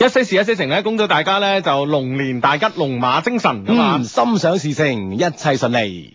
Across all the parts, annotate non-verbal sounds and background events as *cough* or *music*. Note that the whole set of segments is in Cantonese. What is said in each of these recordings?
一些事一些情咧，恭祝大家咧就龍年大吉，龍馬精神，嘛、嗯，心想事成，一切順利。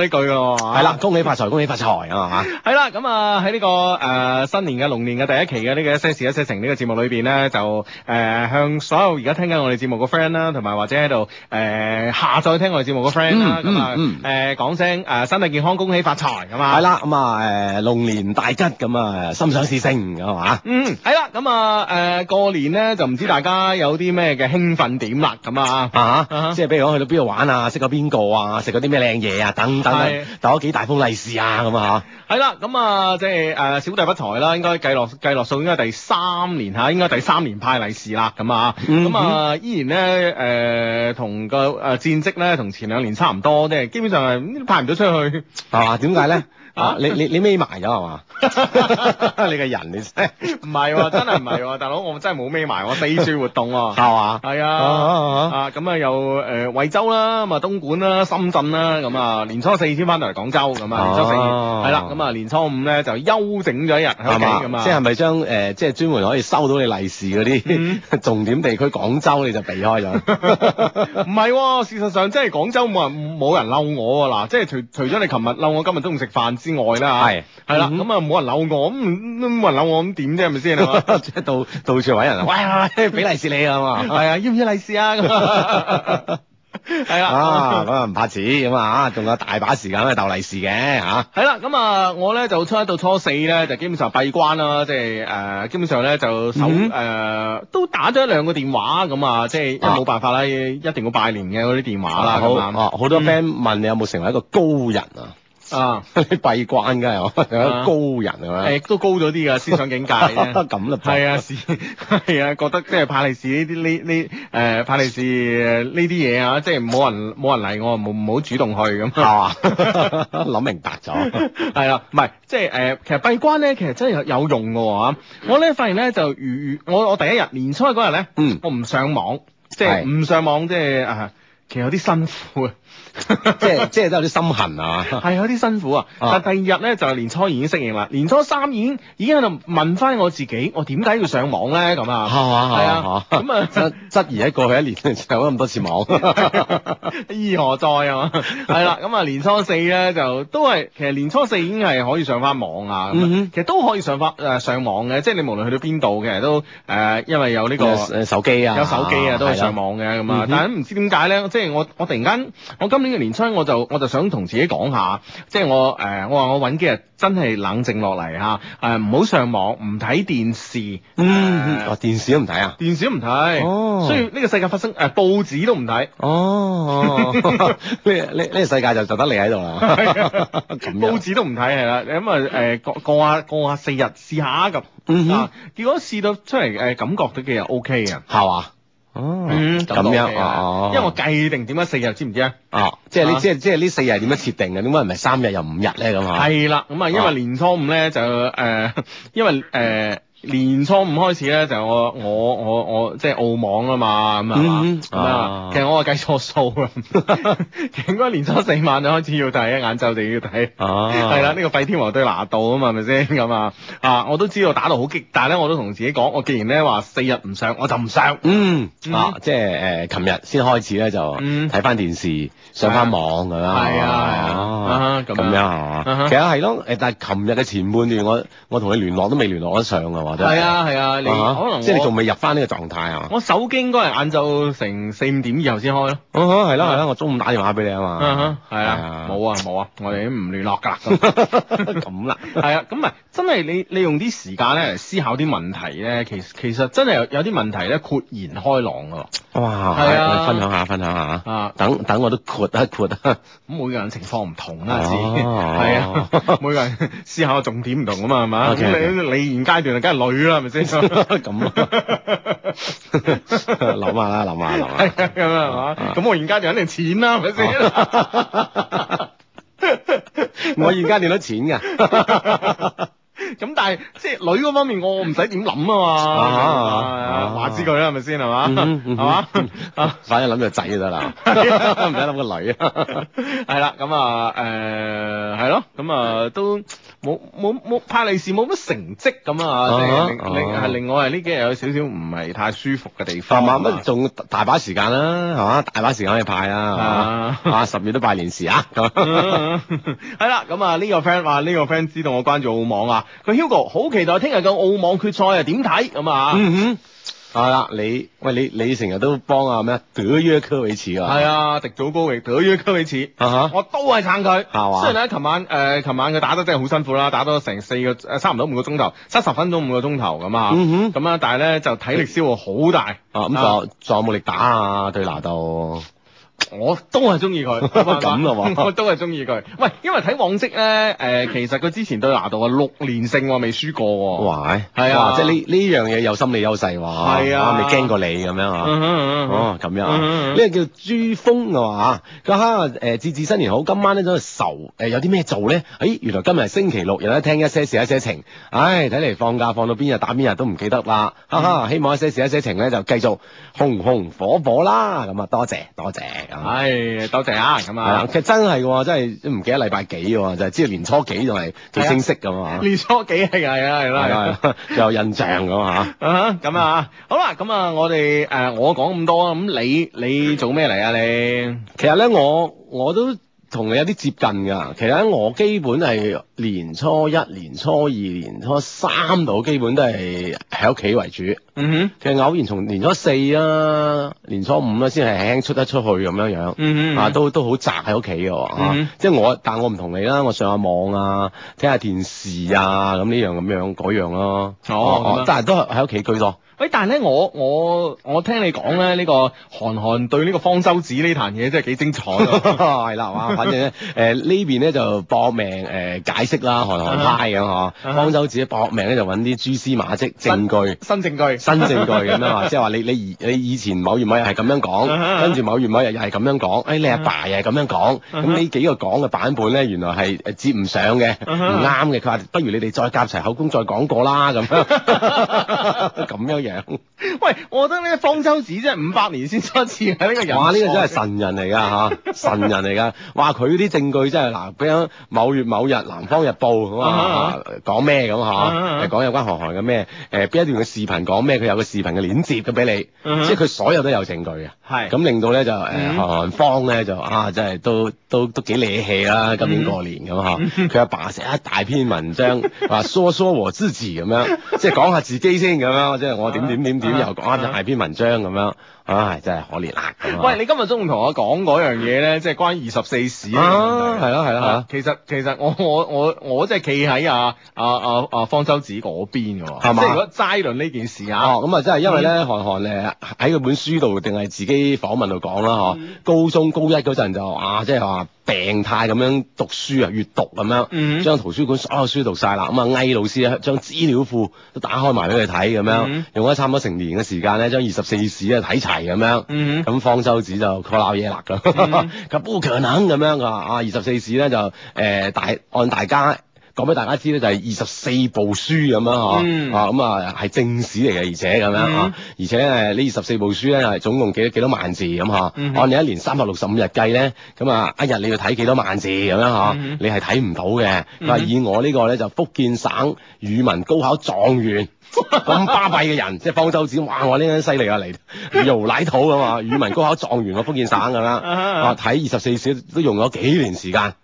呢句噶係啦，恭喜發財，恭喜發財啊，係嘛！ *laughs* 咁啊喺呢、這個誒、呃、新年嘅龍年嘅第一期嘅呢、這個試一些事一些情呢個節目裏邊咧就誒、呃、向所有而家聽緊我哋節目嘅 friend 啦，同埋或者喺度誒下載聽我哋節目嘅 friend 啦，咁、嗯、啊誒講、嗯、聲誒身體健康，恭喜發財，咁啊，係啦，咁啊誒龍年大吉，咁啊心想事成，係、嗯啊、嘛？嗯，係啦，咁啊誒過年咧就唔知大家有啲咩嘅興奮點啦，咁啊啊，啊啊啊即係比如講去到邊度玩啊，識咗邊個啊，食咗啲咩靚嘢啊，等等等，攞幾大封利是啊，咁啊嚇？係啦，咁。咁啊，即係誒小弟不才啦，應該計落計落數，應該第三年嚇，應該第三年派利是啦，咁啊，咁啊，依然咧誒同個誒、呃、戰績咧同前兩年差唔多，即係基本上係派唔到出去，係嘛？點解咧？ *laughs* 啊！你你你眯埋咗係嘛？你個 *laughs* 人，你唔係、啊，真係唔係，大佬我真係冇匿埋，我四處活動喎，係嘛？係啊，啊咁啊又誒惠州啦，咁啊東莞啦、深圳啦，咁啊年初四先翻到嚟廣州，咁啊年初四係啦，咁啊年初五咧就休整咗一日係吧嘛？即係咪將誒、呃、即係專門可以收到你利是嗰啲重點地區廣州你就避開咗？唔係、嗯 *laughs* 啊，事實上即係廣州冇人冇人嬲我嗱，即係除除咗你琴日嬲我，今日中午食飯。之外啦嚇，係係啦，咁啊冇人扭我，咁冇人扭我，咁點啫係咪先？即係到到處揾人啊，喂喂，俾利是你啊嘛，係啊，要唔要利是啊？咁係啊，咁啊唔怕賠咁啊，仲有大把時間去逗利是嘅嚇。係啦，咁啊我咧就初一到初四咧就基本上閉關啦，即係誒基本上咧就手誒都打咗一兩個電話咁啊，即係冇辦法啦，一定要拜年嘅嗰啲電話啦。好，好多 friend 問你有冇成為一個高人啊？啊！閉關㗎又，有啲高人係咪？誒都高咗啲㗎思想境界。咁啦，係啊，係啊，覺得即係派利是呢啲呢呢誒派利是呢啲嘢啊，即係冇人冇人嚟我，冇冇主動去咁。係嘛，諗明白咗。係啦，唔係即係誒，其實閉關咧，其實真係有，有用㗎喎吓。我咧發現咧，就如如我我第一日年初嗰日咧，嗯，我唔上網，即係唔上網，即係是啊，其實有啲辛苦啊。即係即係都有啲心痕啊，係有啲辛苦啊。但第二日咧就係年初二已經適應啦，年初三已經已經喺度問翻我自己，我點解要上網咧咁啊？係啊，係啊，咁啊質疑喺過去一年上咗咁多次網，意何在啊？嘛？係啦，咁啊年初四咧就都係其實年初四已經係可以上翻網啊。嗯哼，其實都可以上翻誒上網嘅，即係你無論去到邊度嘅，實都誒因為有呢個手機啊，有手機啊都係上網嘅咁啊。但係唔知點解咧，即係我我突然間我今呢個年初我就我就想同自己講下，即係我誒、呃、我話我揾幾日真係冷靜落嚟吓，誒唔好上網，唔睇電視，呃、嗯，哦電視都唔睇啊，電視都唔睇，哦，所以呢個世界發生誒、呃、報紙都唔睇、哦，哦，呢呢呢個世界就就得你喺度啦，係 *laughs* 啊，報紙都唔睇係啦，咁啊誒過過、過、過下過下四日試下咁，嗯哼，結果試到出嚟誒、呃、感覺都幾日 OK 嘅，係嘛？哦，咁、嗯、樣哦，啊啊、因為我計定點樣四日，知唔知啊？哦、啊，即係你即係即係呢四日係點樣設定嘅？點解唔係三日又五日咧咁啊？係啦，咁啊，因為年初五咧就誒、呃，因為誒。呃嗯年初五開始咧，就我我我我即係澳網啊嘛咁、嗯、吧啊，其實我話計錯數啊，其 *laughs* 實應該年初四晚就開始要睇，一眼晝就要睇，係啦、啊，呢、 *laughs* 呢個費天王都拿度啊嘛，係咪先咁啊？ *laughs* 啊，我都知道打到好激，但係咧我都同自己講，我既然咧話四日唔上，我就唔上。嗯，嗯啊，即係誒，琴、呃、日先開始咧就睇翻電視，嗯、上翻網咁樣。係啊，哦、啊，咁樣係嘛？其實係咯，誒，但係琴日嘅前半段，我我同你聯絡都未聯絡得上啊嘛。係啊係啊，你可能即係你仲未入翻呢個狀態啊！我手機應該係晏晝成四五點以後先開咯。啊哈，係啦係啦，我中午打電話俾你啊嘛。啊哈，係啊，冇啊冇啊，我哋都唔聯絡㗎。咁啦，係啊，咁咪真係你你用啲時間咧思考啲問題咧，其其實真係有啲問題咧豁然開朗啊。哇！係分享下分享下啊！等等我都豁一豁。咁每個人情況唔同啦，先係啊，每個人思考嘅重點唔同啊嘛，係嘛？咁你你現階段女啦，係咪先？咁，啊，諗下啦，諗下，諗下。咁啊，咁啊嘛。咁我而家就肯定錢啦，係咪先？我而家點到錢㗎？咁但係，即係女嗰方面，我唔使點諗啊嘛。啊，話之佢啦，係咪先？係嘛？係嘛？反正諗住仔就得啦，唔使諗個女。啊，係啦，咁啊，誒，係咯，咁啊都。冇冇冇派利是冇乜成績咁啊！另另另外係呢幾日有少少唔係太舒服嘅地方。係嘛？乜仲大把時間啦、啊，係嘛？大把時間可以派啦、啊，係、uh huh. 十月都拜年時啊！係 *laughs* 啦、uh，咁啊呢個 friend 話，呢、呢個 friend 知道我關注澳網啊，佢 Hugo 好期待聽日嘅澳網決賽啊，點睇咁啊？嗯哼。Uh huh. 係啦、啊，你喂，你你成日都幫啊咩？德約科維奇啊，係啊，迪祖高域德約科維奇，uh huh. 我都係撐佢。係嘛、uh？Huh. 雖然咧，琴晚誒，琴、呃、晚佢打得真係好辛苦啦，打咗成四個誒，差唔多五個鐘頭，七十分鐘五個鐘頭咁啊。嗯哼，咁啊，但係咧就體力消耗好大啊。咁仲仲有冇力打啊？對拿度？我都係中意佢咁啊，我都係中意佢。喂，因為睇往績咧，誒，其實佢之前對拿度啊六連勝我未輸過喎。哇，係，啊，即係呢呢樣嘢有心理優勢喎。係啊，我未驚過你咁樣啊。哦，咁樣，呢個叫珠峰啊嘛。咁哈，誒，祝祝新年好。今晚咧都係愁，誒，有啲咩做咧？誒，原來今日係星期六，又喺聽一些事一些情。唉，睇嚟放假放到邊日打邊日都唔記得啦。哈哈，希望一些事一些情咧就繼續紅紅火火啦。咁啊，多謝多謝。唉、哎，多謝啊。咁、嗯、啊，嗯、其實真係喎、哦，真係唔記得禮拜幾喎，就係、是、知道年初幾就係最清晰咁啊，年初幾係係係啦，仲有印象咁啊，咁、嗯嗯、啊，好啦，咁啊、呃，我哋誒我講咁多，咁你你做咩嚟啊你？ *laughs* 其實咧，我我都。同你有啲接近㗎，其實我基本係年初一、年初二、年初三度基本都係喺屋企為主。嗯哼、mm，hmm. 其實偶然從年初四啦、啊、年初五啊先係輕，輕出得出去咁樣樣。嗯哼、mm hmm. 啊，啊都都好宅喺屋企嘅，嚇、mm。Hmm. 即係我，但我唔同你啦，我上下網啊，睇下電視啊，咁呢樣咁樣嗰樣咯。哦，但係都係喺屋企居多。喂，但係咧，我我我聽你講咧，呢、這個韓寒對呢個方舟子呢壇嘢真係幾精彩，係、 *laughs* *laughs* 呃呃、啦，哇，反正咧，誒 *laughs* 呢邊咧就搏命誒解釋啦，韓寒派咁嗬，方舟子搏命咧就揾啲蛛絲馬跡證據新，新證據，新證據咁 *laughs* 樣，即係話你你你以前某月某日係咁樣講，跟住某月某日又係咁樣講，誒、哎、你阿爸又係咁樣講，咁呢、 *laughs* 嗯、幾個講嘅版本咧，原來係誒接唔上嘅，唔啱嘅，佢話不如你哋再夾齊口供再講過啦，咁樣，咁 *laughs* *laughs* 樣。喂，我覺得呢《方舟子》真係五百年先出一次啊！呢個人哇，呢、呢個真係神人嚟㗎嚇，神人嚟㗎！哇，佢啲證據真係嗱，比如某月某日《南方日報》啊啊、講咩咁嚇，係、啊啊啊呃啊、講有關韓寒嘅咩？誒、呃，邊一段嘅視頻講咩？佢有個視頻嘅鏈接咁俾你，即係佢所有都有證據嘅。係咁、啊、是令到咧就誒、嗯呃、韓寒方咧就啊，真係都都都幾瀨氣啦！今年過年咁嚇，佢、啊、阿爸寫一大篇文章話：疏疏和之己咁樣，即係講下自己先咁樣。即係 *laughs* 我。 *laughs* *laughs* 點點點點又講下就係篇文章咁樣，唉真係可憐啊！喂，你今日中午同我講嗰樣嘢咧，即係關二十四史啊，係咯係咯係咯，其實其實我我我我即係企喺啊啊啊啊方舟子嗰邊嘅，係嘛？即係如果齋論呢件事啊，咁啊真係因為咧，韓寒咧喺佢本書度定係自己訪問度講啦，嗬？高中高一嗰陣就哇，即係話病態咁樣讀書啊，閱讀咁樣，嗯，將圖書館所有書讀晒啦，咁啊，魏老師咧將資料庫都打開埋俾佢睇，咁樣，差唔多差唔多成年嘅時間咧，將二十四史啊睇齊咁樣。咁、mm hmm. 方舟子就鬧嘢啦，咁、mm hmm. *laughs* 唔可能咁樣。啊，二十四史咧就誒大、呃、按大家講俾大家知咧，就係二十四部書咁樣呵。啊，咁、mm hmm. 啊係、嗯、正史嚟嘅，而且咁樣呵。啊 mm hmm. 而且誒呢二十四部書咧，係總共幾多幾多萬字咁呵。啊 mm hmm. 按你一年三百六十五日計咧，咁啊一日你要睇幾多萬字咁樣呵？啊 mm hmm. 你係睇唔到嘅。以我呢個咧就福建省語文高考狀，狀元。咁巴閉嘅人，即係方舟子，哇！我呢樣犀利啊嚟，牛奶肚咁啊！語文高考狀元，我福建省噶啦，啊睇二十四史都用咗幾年時間，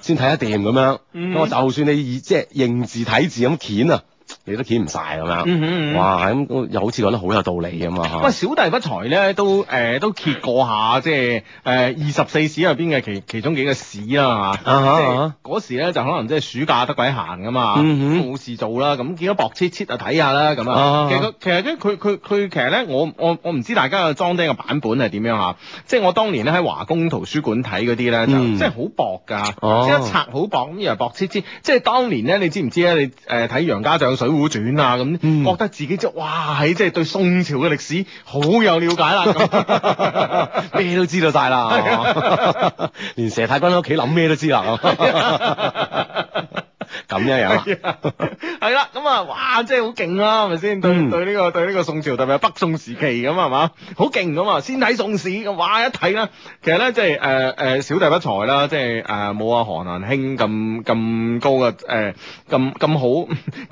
先睇 *laughs* 得掂咁樣。咁 *laughs* 我就算你以即係認字睇字咁鉗啊！你都揭唔晒咁樣，哇！咁又好似講得好有道理咁嘛。不過小弟不才咧，都誒都揭過下，即係誒二十四史入邊嘅其其中幾個史啦，係嘛？啊哈！嗰時咧就可能即係暑假得鬼閒啊嘛，冇事做啦，咁見到薄切切就睇下啦，咁啊～其實其實咧，佢佢佢其實咧，我我我唔知大家嘅裝訂嘅版本係點樣嚇？即係我當年咧喺華工圖書館睇嗰啲咧，就即係好薄㗎，即係一冊好薄咁，然後薄切切，即係當年咧，你知唔知咧？你誒睇《楊家將》水。《孤轉、嗯》啊，咁覺得自己即哇，喺即係對宋朝嘅歷史好有了解啦，咩 *laughs* *laughs* 都知道晒啦， *laughs* *laughs* *laughs* 連佘太君喺屋企諗咩都知啦。 *laughs* *laughs* 咁樣又係啦，咁啊，哇，真係好勁啦，係咪先？對、這個、對呢、這個對呢個宋朝特別係北宋時期咁係嘛，好勁咁啊！先睇宋史，哇一睇啦，其實咧即係誒誒小弟不才啦，即係誒冇阿韓蘭興咁咁高嘅誒咁咁好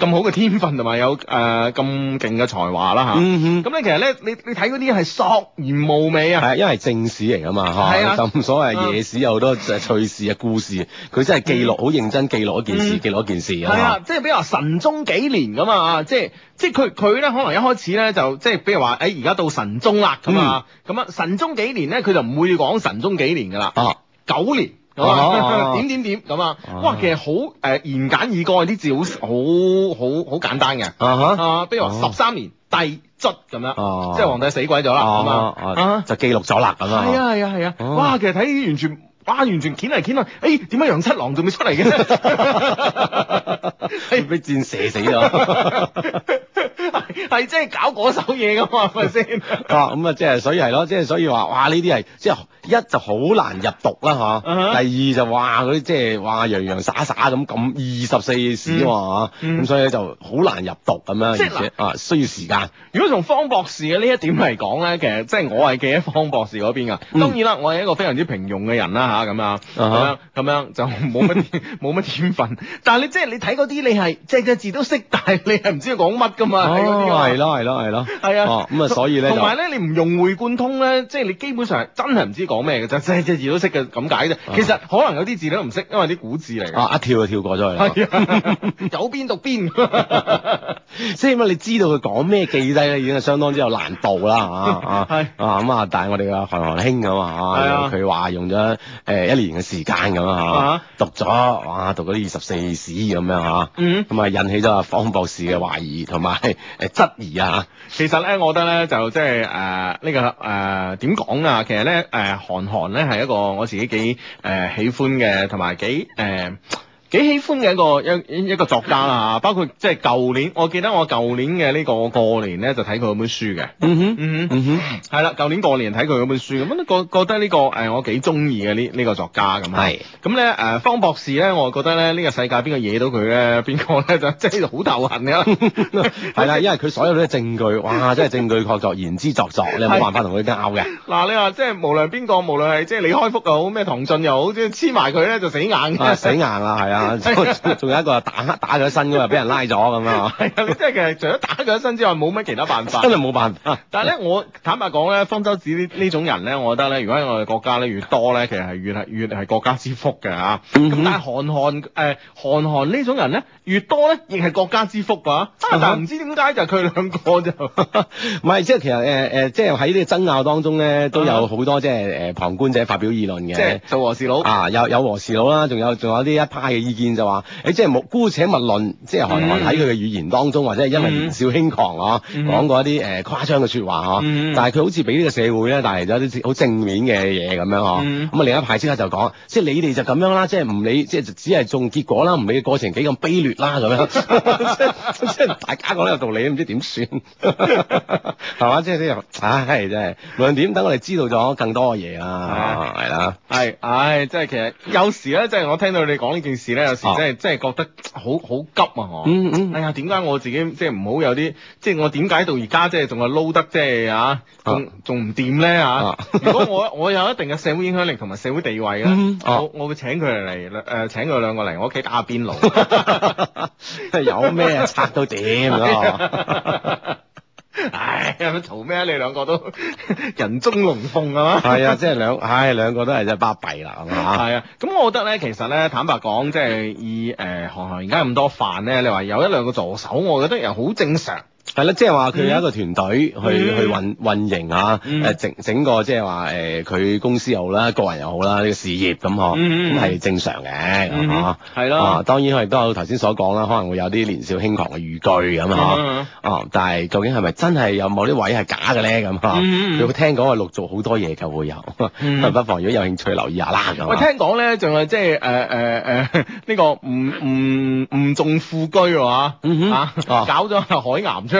咁好嘅天分同埋有誒咁勁嘅才華啦嚇。啊、嗯咁哼咧其實咧你你睇嗰啲係索然無味啊，係因為正史嚟 *laughs* 啊嘛嚇，冇 *laughs* 所謂野史有好多趣事啊故事，佢真係記錄好 *laughs* 認真記錄一件事、嗯件事、呃、啊，係啊，即係比如話神宗幾年咁啊，即係即係佢佢咧可能一開始咧就即係比如話誒而家到神宗啦咁啊，咁啊神宗幾年咧佢就唔會講神宗幾年噶啦，啊九年咁啊點點點咁啊，哇其實好誒言簡意賅啲字好好好好簡單嘅，啊哈啊比如話十三年帝卒咁樣，即係皇帝死鬼咗啦，咁啊，啊， *noise* 啊就記錄咗啦咁啊，係啊係啊係啊，哇、 *noise* 啊、其實睇完全。哇！完全剷嚟剷去，誒點解楊七郎仲未出嚟嘅？誒俾箭射死咗，係係即係搞嗰手嘢噶嘛？係咪先？啊咁啊，即、嗯、係、嗯嗯嗯嗯、所以係咯，即、嗯、係所以話，哇、嗯！呢啲係即係。嗯一就好難入讀啦，吓。第二就話嗰啲即係話洋洋灑灑咁咁二十四史嘛，咁所以咧就好難入讀咁樣，而且啊需要時間。如果從方博士嘅呢一點嚟講咧，其實即係我係記喺方博士嗰邊噶。當然啦，我係一個非常之平庸嘅人啦，吓咁啊，咁樣咁樣就冇乜冇乜天分。但係你即係你睇嗰啲，你係隻隻字都識，但係你係唔知佢講乜噶嘛。哦，係咯係咯係咯。係啊。咁啊所以咧，同埋咧你唔融會貫通咧，即係你基本上真係唔知。講咩嘅啫？即係即係字都識嘅咁解啫。其實可能有啲字都唔識，因為啲古字嚟。啊，一跳就跳過咗去。係啊，有邊讀邊。所以咁啊，你知道佢講咩記低咧，已經係相當之有難度啦。啊啊，係啊咁啊，但係我哋嘅韓寒兄咁啊嘛，佢話用咗誒一年嘅時間咁啊，讀咗哇，讀嗰啲二十四史咁樣嚇。咁啊，引起咗啊方博士嘅懷疑同埋誒質疑啊。其實咧，我覺得咧就即係誒呢個誒點講啊？其實咧誒。韓寒咧，係一個我自己幾誒、呃、喜歡嘅，同埋幾誒，呃幾喜歡嘅一個一一個作家啦，包括即係舊年，我記得我舊年嘅呢個過年咧就睇佢本書嘅。嗯哼，嗯哼，嗯哼，係啦，舊年過年睇佢本書咁，覺得、這個、是樣覺得呢個誒我幾中意嘅呢呢個作家咁啊。係，咁咧誒方博士咧，我啊覺得咧呢個世界邊個惹到佢嘅邊個咧就真係好頭痕噶。係啦，因為佢所有啲證據，哇，真係證據確鑿， *laughs* 言之鑿鑿，你冇辦法同佢拗嘅。嗱、啊，你話即係無論邊個，無論係即係李開復又好，咩唐駿又好，即係黐埋佢咧就死硬、 *laughs* 啊、死硬啊，係啊。 *laughs* *laughs* 啊！仲 *music* 有一個打打咗身，嗰又俾人拉咗咁啊！即係其實除咗打咗身之外，冇乜其他辦法， *music* 真係冇辦法。 *music* 但係咧，我坦白講咧，方舟子呢呢種人咧，我覺得咧，如果喺我哋國家咧越多咧，其實係越係越係國家之福嘅嚇。咁但係韓寒誒韓寒呢種人咧，越多咧亦係國家之福啊。但係唔知點解就佢兩個就唔係，即係其實誒誒即係喺呢個爭拗當中咧，都有好多即係誒旁觀者發表議論嘅，即係做和事佬啊，有有和事佬啦，仲有仲有呢一派嘅。意見就話誒，即係冇姑且勿論，即係可能我睇佢嘅語言當中，或者係因為年少輕狂啊，講過一啲誒、呃、誇張嘅説話啊，嗯、但係佢好似俾呢個社會咧，帶嚟咗一啲好正面嘅嘢咁樣呵。咁啊，嗯、另一派即刻就講，即、就、係、是、你哋就咁樣啦，即係唔理，即、就、係、是、只係中結果啦，唔、就、理、是、過程幾咁卑劣啦咁、啊、樣。即係大家講得有道理，都唔知點算係嘛？即係即係，唉，即係無論點，等我哋知道咗、就是、更多嘅嘢啊，係啦、 *laughs* *laughs* yeah,，係，唉、哎，即、哎、係、哎哎、其實,其實有時咧，即係我聽到你講呢件事有時真係真係覺得好好急啊！我嗯嗯，嗯哎呀，點解我自己即係唔好有啲，即係我點解到而家即係仲係撈得即係嚇，仲仲唔掂咧嚇？如果我我有一定嘅社會影響力同埋社會地位咧，嗯啊、我我會請佢嚟嚟誒請佢兩個嚟我屋企打邊爐，有咩拆到掂唉，做咩啊？你兩個都人中龍鳳嘛。係 *laughs* 啊，即係兩唉，兩個都係真係巴閉啦，係嘛？係啊，咁我覺得咧，其實咧，坦白講，即係以誒，行行而家咁多飯咧，你話有一兩個助手，我覺得又好正常。係啦，即係話佢有一個團隊去去運運營啊，誒整整個即係話誒佢公司又好啦，個人又好啦，呢個事業咁嗬，咁係正常嘅，係咯。當然係都有頭先所講啦，可能會有啲年少輕狂嘅語句咁嗬。哦，但係究竟係咪真係有冇啲位係假嘅咧咁嗬？有聽講啊，陸續好多嘢，噶會有，不妨如果有興趣留意下啦咁。喂，聽講咧仲係即係誒誒誒呢個唔唔唔重富居啊，搞咗海岩出。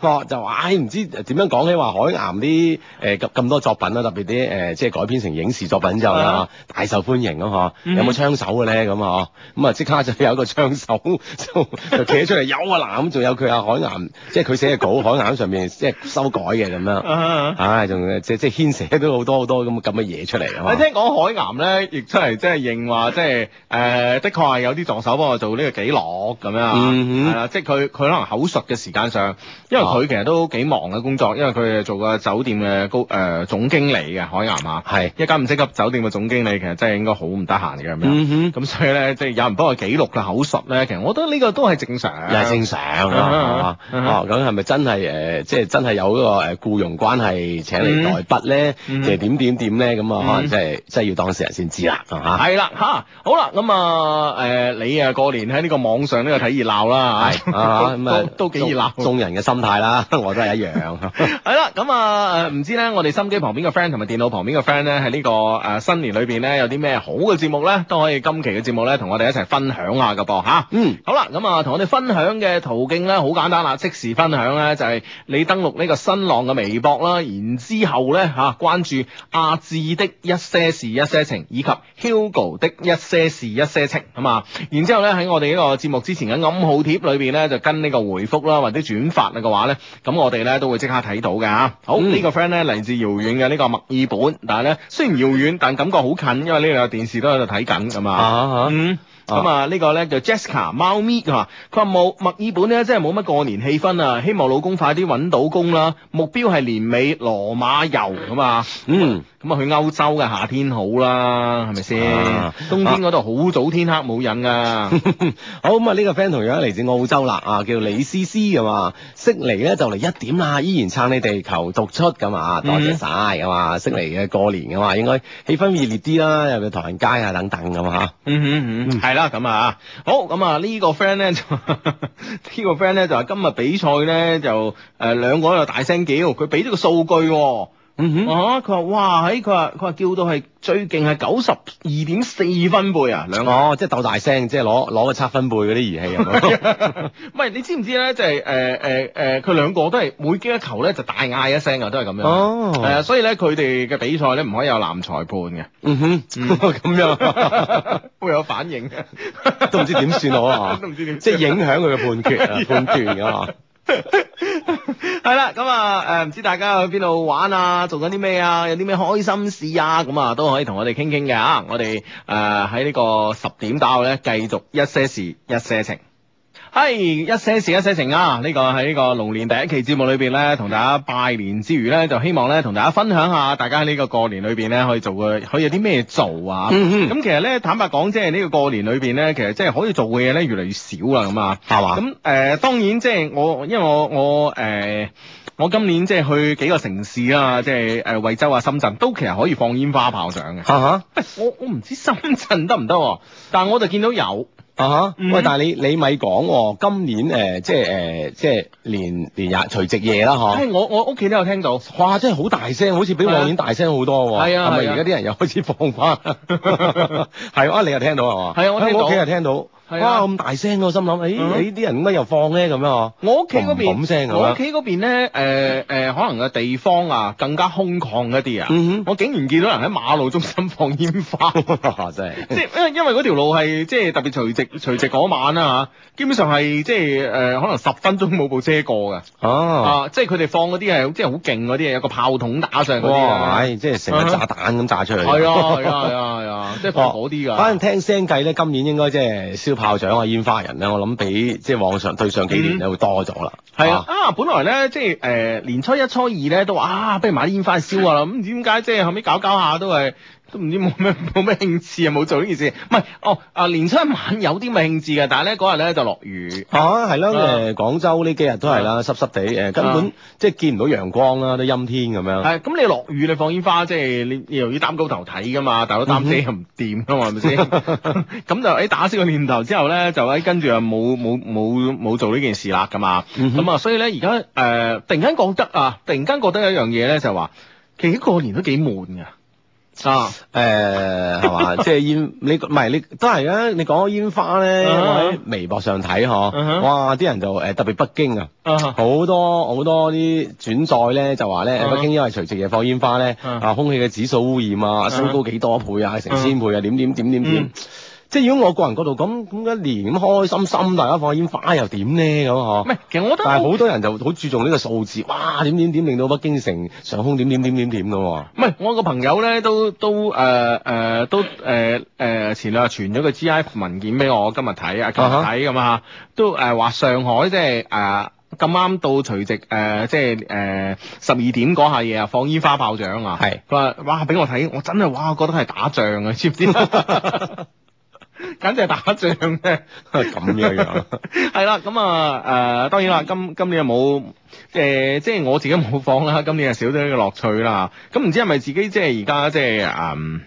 我、哦、就話誒，唔、哎、知點樣講起話海岩啲誒咁咁多作品啦，特別啲誒、呃、即係改編成影視作品、嗯、之後啦，大受歡迎咯，嗬、嗯，有冇槍手嘅咧咁嗬？咁啊、嗯、即刻就有一個槍手 *laughs* 就就企出嚟 *laughs* 有啊啦，咁仲有佢啊。海岩，即係佢寫嘅稿， *laughs* 海岩上面即係修改嘅咁樣，唉、嗯，仲、哎、即即，即牽涉都好多好多咁咁嘅嘢出嚟。誒、嗯、聽講海岩咧亦出嚟即係認話，即係誒、呃，的確係有啲助手幫我做呢個記錄咁樣，係即係佢佢可能口述嘅時間上。因為佢其實都幾忙嘅工作，因為佢係做過酒店嘅高誒總經理嘅海岩啊，係一間唔星級酒店嘅總經理，其實真係應該好唔得閒嘅咁樣，咁所以咧即係有人幫佢記錄啦，口述咧，其實我覺得呢個都係正常，又係正常，咁係咪真係誒即係真係有嗰個誒僱傭關係請你代筆咧，定係點點點咧，咁啊可能真係真係要當事人先知啦吓，係啦吓，好啦，咁啊誒你啊過年喺呢個網上呢度睇熱鬧啦咁啊都幾熱鬧，眾人嘅心。心態啦，我都係一樣。 *laughs* *laughs* 係、嗯、啦，咁啊，唔知呢，我哋心機旁邊嘅 friend 同埋電腦旁邊嘅 friend 呢，喺呢個誒新年裏邊呢，有啲咩好嘅節目呢，都可以今期嘅節目呢，同我哋一齊分享下嘅噃吓。嗯，好啦，咁、嗯、啊，同我哋分享嘅途徑呢，好簡單啦，即時分享呢，就係、是、你登錄呢個新浪嘅微博啦，然之後咧吓，關注阿志的一些事一些情，以及 Hugo 的一些事一些情啊，然之後咧，喺我哋呢個節目之前嘅暗號貼裏邊呢，就跟呢個回覆啦，或者轉發.嘅話咧，咁我哋咧都會即刻睇到噶嚇。好，呢個 friend 咧嚟自遙遠嘅呢個墨爾本，但係咧雖然遙遠，但感覺好近，因為呢度有電視都喺度睇緊咁嘛？啊，嗯。嗯咁啊，啊個呢個咧叫 Jessica 貓咪啊，佢話冇墨爾本咧，真係冇乜過年氣氛啊，希望老公快啲揾到工啦，目標係年尾羅馬遊咁啊，嗯，咁啊，啊去歐洲嘅夏天好啦，係咪先？啊啊、冬天嗰度好早天黑冇人啊。 *laughs* 好咁啊，呢、這個 friend 同樣嚟自澳洲啦，啊叫李思思咁啊，悉尼咧就嚟一點啦，依然撐你地球讀出咁啊，多謝晒，係嘛、嗯，悉尼嘅過年㗎嘛，應該氣氛熱烈啲啦，入去唐人街啊等等咁啊嗯嗯嗯，係、嗯。啦咁啊，好咁啊、這個、呢 *laughs* 個 friend 咧就呢就、呃、個 friend 咧就話今日比賽咧就誒兩個喺度大聲叫，佢俾咗個數據、哦嗯哼，哦、啊，佢話哇，喺佢話佢話叫到係最勁係九十二點四分貝啊，兩個即係鬥大聲，即係攞攞個測分貝嗰啲儀器有冇？咁唔係，你知唔知咧？即係誒誒誒，佢、呃、兩、呃呃、個都係每擊一球咧就大嗌一聲啊，都係咁樣。哦，係啊、呃，所以咧佢哋嘅比賽咧唔可以有男裁判嘅。嗯哼，咁 *laughs* *laughs* 這樣 *laughs* *laughs* 會有反應嘅 *laughs* *laughs* 都唔知點算好啊，都唔知點，即係影響佢嘅判決啊，判決嘅、啊。係啦，咁啊， *laughs* 誒，唔知大家去邊度玩啊，做緊啲咩啊，有啲咩開心事啊，咁啊，都可以同我哋傾傾嘅吓。我哋誒喺呢個十點打後咧，繼續一些事一些情。係一些事一些情啊！呢、這個喺呢個龍年第一期節目裏邊呢，同大家拜年之餘呢，就希望呢同大家分享下，大家喺呢個過年裏邊呢可以做嘅，可以有啲咩做啊？咁、嗯、哼其實呢，坦白講，即係呢個過年裏邊呢，其實即係可以做嘅嘢呢越嚟越少喇！咁啊吧，係嘛？咁、呃、誒，當然即係我，因為我我誒、呃、我今年即係去幾個城市啊，即係誒惠州啊、深圳都其實可以放煙花炮仗嘅，啊。我我唔知深圳得唔得，但係我就見到有。啊吓喂，但係你你咪講喎，今年誒、呃呃呃呃呃呃、即係誒即係年年日除夕夜啦，嗬、哎。我我屋企都有聽到，哇！真係好大聲，好似比往年大聲好多喎、哦。係啊，係啊。係咪而家啲人又開始放翻？係 *laughs* 啊， *laughs* 你又聽到係嘛？係啊，我屋企又聽到。哎係啊，咁大聲，我心諗，咦、哎？咦、嗯！呢啲人點解又放咧？咁樣，我屋企嗰邊，我屋企嗰邊咧，誒、呃、誒、呃，可能個地方啊，更加空曠一啲啊！嗯、哼我竟然見到人喺馬路中心放煙花、啊，哇、 *laughs* 啊！真係，即係因為因為嗰條路係即係特別除夕，除夕嗰晚啊，嚇，基本上係即係誒、呃，可能十分鐘冇部車過㗎。啊，啊，即係佢哋放嗰啲係即係好勁嗰啲，有個炮筒打上嗰啲、啊哎。即係成日炸彈咁炸出嚟。係啊係啊係啊！即係放嗰啲㗎。反正聽聲計咧，今年應該即係炮仗啊，煙花人咧，我諗比即係往上對上幾年咧會多咗啦。係、嗯、啊，啊，啊，本來咧即係誒、呃、年初一、初二咧都話啊，不如買啲煙花燒啊啦。咁點解即係後屘搞搞下都係。都唔知冇咩冇咩興致啊，冇做呢件事。唔係哦，啊，年初一晚有啲咩興致嘅，但係咧嗰日咧就落雨嚇，係咯、啊。誒，呃、廣州呢幾日都係啦，濕濕哋誒，呃、根本、啊、即係見唔到陽光啦，都陰天咁樣。係咁，嗯、你落雨你放煙花，即係你你又要擔高頭睇㗎嘛，大佬擔遮又唔掂㗎嘛，係咪先？咁就誒打消個念頭之後咧，就誒跟住又冇冇冇冇做呢件事啦，咁啊咁啊，嗯、所以咧而家誒突然間覺得啊，突然間覺得一樣嘢咧就係話，其實過年都幾悶㗎。啊、呃，誒係嘛？即、就、係、是、煙，你唔係你都係嘅。你講開煙花咧，我喺、uh huh. 微博上睇呵，uh huh. 哇！啲人就誒、呃、特別北京啊，好、uh huh. 多好多啲轉載咧，就話咧、uh huh. 北京因為除夕夜放煙花咧，啊、uh huh. 空氣嘅指數污染啊升高幾多倍啊，uh huh. 成千倍啊、uh huh. 點點點點點。Mm hmm. 即係如果我個人角度咁咁一年咁開心心，大家放煙花又點呢？咁嗬？唔係，其實我覺得，但係好多人就好注重呢個數字，哇點點點令到北京城上空點點點點點咁。唔係、嗯，我個朋友咧都都誒誒、呃呃、都誒誒、呃呃呃、前兩日傳咗個 GIF 文件俾我，今日睇啊，今日睇咁嚇，都誒話、呃、上海即係誒咁啱到除夕誒即係誒十二點嗰下嘢啊，放煙花炮仗啊。係佢話哇，俾我睇，我真係哇，真哇覺得係打仗啊，知唔知？ *laughs* 簡直係打仗嘅咁。 *laughs* 這樣樣係啦咁啊誒，當然啦，今今年又冇誒，即係我自己冇放啦，今年又少咗一個樂趣啦。咁、嗯、唔知係咪自己即係而家即係誒？嗯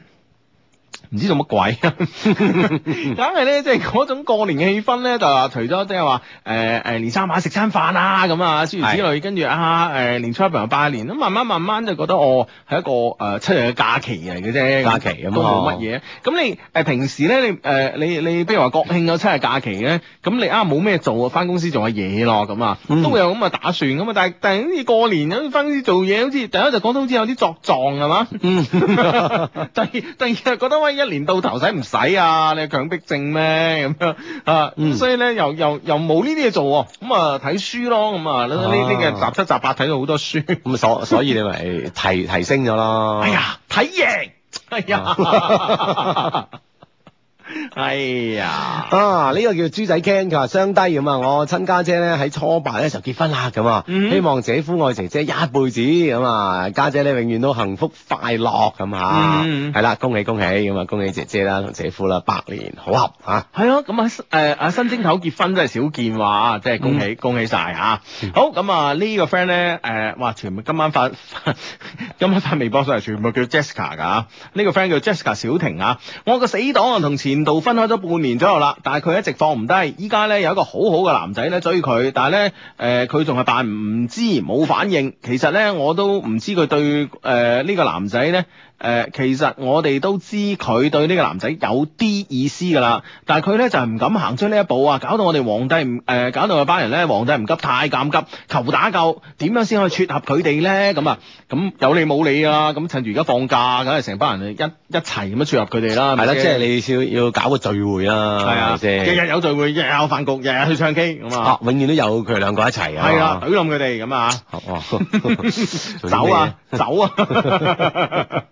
唔知做乜鬼，梗係咧，即係嗰種過年嘅氣氛咧，就話除咗即係話誒誒年卅晚食餐飯啊咁啊，諸如此類，是跟住啊誒年初一、拜年，都慢慢慢慢就覺得哦，係一個誒七日嘅假期嚟嘅啫，假期咁都冇乜嘢。咁你誒平時咧，你誒你你比如話國慶有七日假期咧，咁、嗯、你啊冇咩做啊，翻公司做下嘢咯咁啊，都會有咁嘅打算咁啊，但係但係呢過年咁翻公司做嘢，好似第一就講到好似有啲作狀係嘛？第二第二就覺得喂。一年到頭使唔使啊？你強迫症咩咁樣啊？所以咧，又又又冇呢啲嘢做喎，咁啊睇書咯咁啊呢啲嘅雜七雜八睇到好多書，咁所所以你咪提提升咗咯哎。哎呀，睇贏，哎呀。哎呀啊！呢、這個叫豬仔 Ken，佢話雙低咁啊！我親家姐咧喺初八咧就結婚啦咁啊，希望姐夫愛姐姐一輩子咁啊，家姐咧永遠都幸福快樂咁、嗯、啊，係啦，恭喜恭喜咁啊，恭喜姐姐啦同姐夫啦，百年好合嚇。係、啊、咯，咁啊誒啊,啊新正頭結婚真係少見話啊，即係恭喜、嗯、恭喜晒。嚇、啊。 *laughs* 好咁、嗯、啊、這個、呢個 friend 咧誒哇全部今晚發呵呵今晚發微博上嚟全部叫 Jessica 㗎呢、啊這個 friend 叫 Jessica 小婷啊，我個死黨啊同前度分開咗半年左右啦，但係佢一直放唔低。依家咧有一個好好嘅男仔咧追佢，但係咧，誒、呃，佢仲係扮唔知冇反應。其實咧，我都唔知佢對誒呢、呃呢個男仔咧。誒，其實我哋都知佢對呢個男仔有啲意思噶啦，但係佢咧就係、是、唔敢行出呢一步啊，搞到我哋皇帝唔誒、呃，搞到有班人咧皇帝唔急太監急，求打救，點樣先可以撮合佢哋咧？咁啊，咁有理冇理啊，咁趁住而家放假，梗係成班人一一齊咁樣撮合佢哋啦。係啦，即係、就是、你要要搞個聚會啊，係咪先？日日有聚會，日日有飯局，日日去唱 K 咁啊，啊。永遠都有佢哋兩個一齊啊。係啊，懟冧佢哋咁啊，走啊 *laughs* 走啊！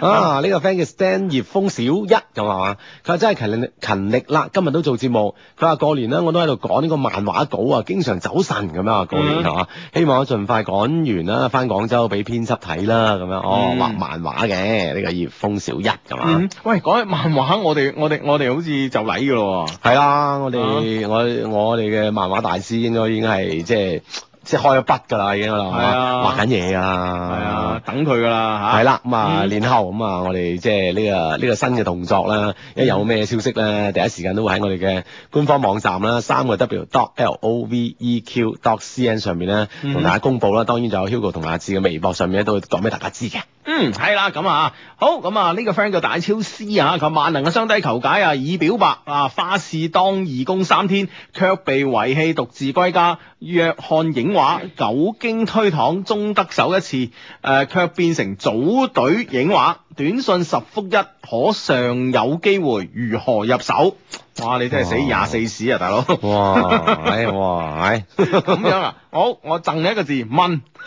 啊！呢、 *laughs* 啊，這個 friend 叫 Stan 葉風小一咁係嘛？佢話真係勤力勤力啦，今日都做節目。佢話過年咧，我都喺度講呢個漫畫稿啊，經常走神咁樣。過年嚇、嗯啊，希望我盡快趕完啦，翻廣州俾編輯睇啦咁樣。哦、啊嗯啊，畫漫畫嘅呢、這個葉風小一咁啊、嗯！喂，講起漫畫，我哋我哋我哋好似就禮㗎咯喎。係啦、啊，我哋、啊、我我哋嘅漫畫大師應該已經係即係。即係開咗筆噶啦，已經啦，係嘛，玩緊嘢啊，係啊，啊，等佢噶啦，係啦，咁啊，年後咁啊，嗯、我哋即係呢、這個呢、這個新嘅動作啦，一、嗯、有咩消息咧，第一時間都會喺我哋嘅官方網站啦，嗯、三個 W dot L O V E Q dot C N 上面咧，同大家公布啦。嗯、當然就有 Hugo 同阿志嘅微博上面都會講俾大家知嘅。嗯，係啦、啊，咁啊，好，咁啊，呢、這個 friend 叫大超 C 啊，佢萬能嘅雙低求解啊，以表白啊，啊，花市當義工三天，卻被遺棄獨自，自歸家，約看影。話久經推搪，終得手一次，誒、呃，卻變成組隊影畫，短信十福一可尚有機會，如何入手？哇，你真係死廿四屎啊，大佬 *laughs* 哎！哇，哇、哎，咁 *laughs* 樣啊，好，我贈你一個字，問，慘 *laughs*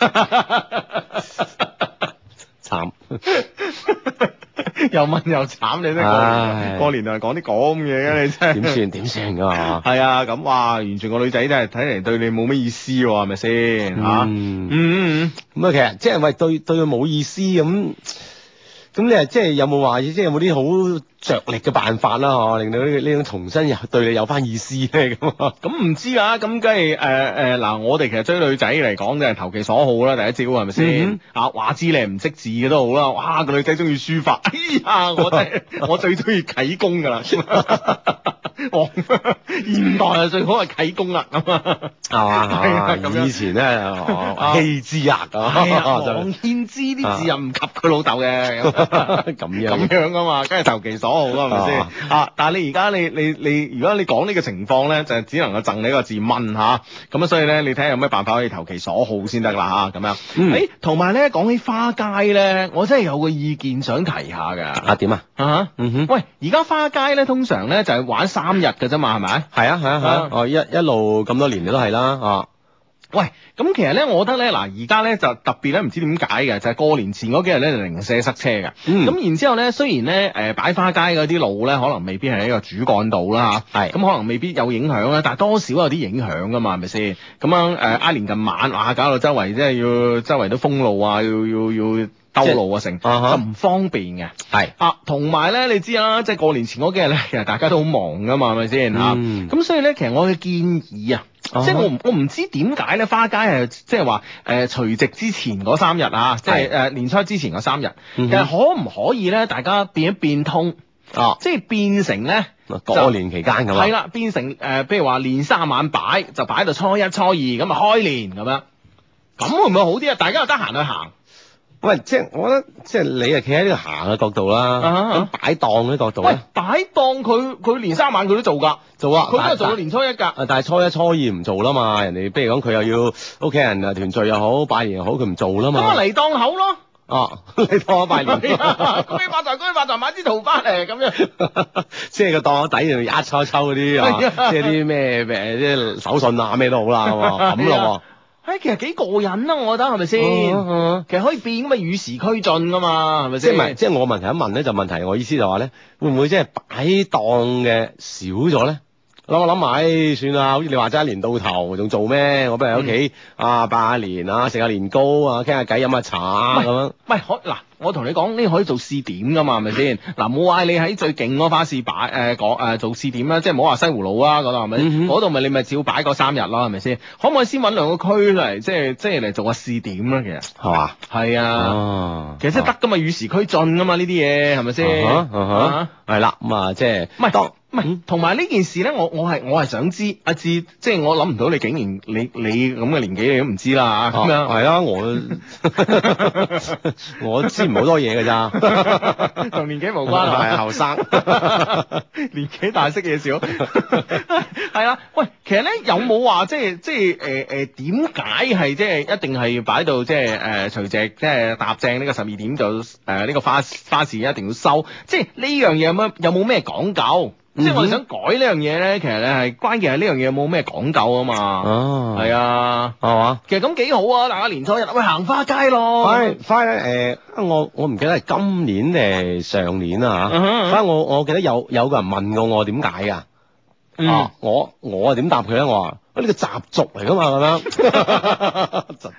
慘。 *laughs* 又問又慘，你都過年唉 過年又講啲咁嘢嘅，你真點算點算㗎嘛？係 *laughs* 啊，咁哇，完全個女仔真係睇嚟對你冇咩意思喎，係咪先嚇？嗯嗯嗯，咁啊，其實即係、就是、喂對對佢冇意思咁。咁你即係有冇話，即係有冇啲好着力嘅辦法啦？嗬、啊，令到呢呢種重新又對你有翻意思咧咁。咁唔知啊，咁梗係誒誒嗱，我哋其實追女仔嚟講就係投其所好啦，第一招係咪先？啊，話知你唔識字嘅都好啦。哇，個女仔中意書法，哎呀，我我最中意啟功㗎啦。「王現代啊， *laughs* 啊，最好係啟功啦，咁啊，啊，咁以前咧，羲之 *laughs* 這樣 *laughs* 啊，王獻之啲字又唔及佢老豆嘅，咁樣咁樣噶嘛，梗係投其所好啦，係咪先？啊，啊但係你而家你你你，你，如果你講呢個情況咧，就只能夠贈你一個字，問吓。咁啊，所以咧，你睇下有咩辦法可以投其所好先得啦嚇，咁樣。嗯、欸，同埋咧講起花街咧，我真係有個意見想提下㗎。啊，點啊？啊，嗯喂，而家花街咧，通常咧就係、是、玩三日嘅啫嘛，係咪？係啊，係啊，係啊。哦，一一路咁多年都係啦。啊，喂，咁其實咧，我覺得咧，嗱，而家咧就特別咧，唔知點解嘅就係、是、過年前嗰幾日咧零舍塞車嘅。咁、嗯、然之後咧，雖然咧誒擺花街嗰啲路咧，可能未必係一個主幹道啦嚇，係咁是、嗯、可能未必有影響啦，但係多少有啲影響噶嘛，係咪先？咁樣誒，挨、呃、年近晚哇、啊，搞到周圍即係要周圍都封路啊，要要要。要要兜路啊，成就唔方便嘅。係啊，同埋咧，你知啦，即係過年前嗰幾日咧，其實大家都好忙噶嘛，係咪先嚇？咁所以咧，其實我嘅建議啊，即係我唔我唔知點解咧，花街誒即係話誒除夕之前嗰三日啊，即係誒年初之前嗰三日，其實可唔可以咧，大家變一變通啊，即係變成咧過年期間咁啊，係啦，變成誒譬如話年卅晚擺就擺到初一初二咁啊開年咁樣，咁會唔會好啲啊？大家又得閒去行。喂，即係我覺得，即係你啊，企喺呢個行嘅角度啦，咁、啊、擺檔啲角度喂，擺檔佢佢年三晚佢都做㗎，做啊。佢都係做到年初一㗎。但係初一、初二唔做啦嘛，人哋比如講佢又要屋企人啊團聚又好，拜年又好，佢唔做啦嘛。咁啊嚟檔口咯。哦、啊，嚟幫我拜年、 *laughs* 啊。恭喜發財，恭喜發財，買支桃花嚟咁樣。 *laughs* 即係個檔口底度呃抽抽嗰啲，即係啲咩誒，即係手信啊，咩都，都好啦，咁咯。 *laughs* *laughs* 唉，其實幾過癮咯，我覺得係咪先？嗯嗯、其實可以變咁啊，咁咪、與時俱進噶嘛，係咪先？即係唔係？即係我問題一問咧，就問題。我意思就話咧，會唔會即係擺檔嘅少咗咧？嗱，我諗埋，算啦。好似你話齋一年到頭仲做咩？我不如喺屋企啊，拜年啊，食下年糕啊，傾下偈，飲下茶咁米樣。喂，好，嗱。我同你講，呢可以做試點噶嘛，係咪先？嗱、啊，冇嗌你喺最勁嗰塊花市擺誒講誒做試點啦，即係冇好話西葫蘆啊。嗰度係咪？嗰度咪你咪照擺嗰三日咯，係咪先？可唔可以先揾兩個區嚟，即係即係嚟做個試點咧？其實係、啊啊、嘛？係啊，其實得噶嘛，與時俱進啊嘛，呢啲嘢係咪先？啊係啦，咁啊哈，即係唔係？同埋呢件事咧，我我係我係想知阿志，即、就、係、是、我諗唔到你竟然你你咁嘅年紀，你都唔知啦咁樣係啊！我 *laughs* 我知唔好多嘢㗎咋，同 *laughs* 年紀冇關係、 *laughs* 啊，後生年紀大識嘢少，係、啊 *laughs* 啊、啦。喂，其實咧有冇話即係即係誒誒點解係即係一定係要擺到即係誒除夕即係搭正呢個十二點就誒呢、這個這個花花市一定要收，即係呢樣嘢有乜有冇咩講究？即係我哋想改呢樣，嘢咧，其實咧係關鍵係呢樣嘢冇咩講究啊嘛。哦，係啊，係嘛、啊。哦啊、其實咁幾好啊，大家年初一去行花街咯。係花誒，我我唔記得係今年定係上年啊，吓、嗯嗯。花我我記得有有個人問過我點解噶，啊我我點答佢咧我啊？呢個習俗嚟噶嘛咁樣，習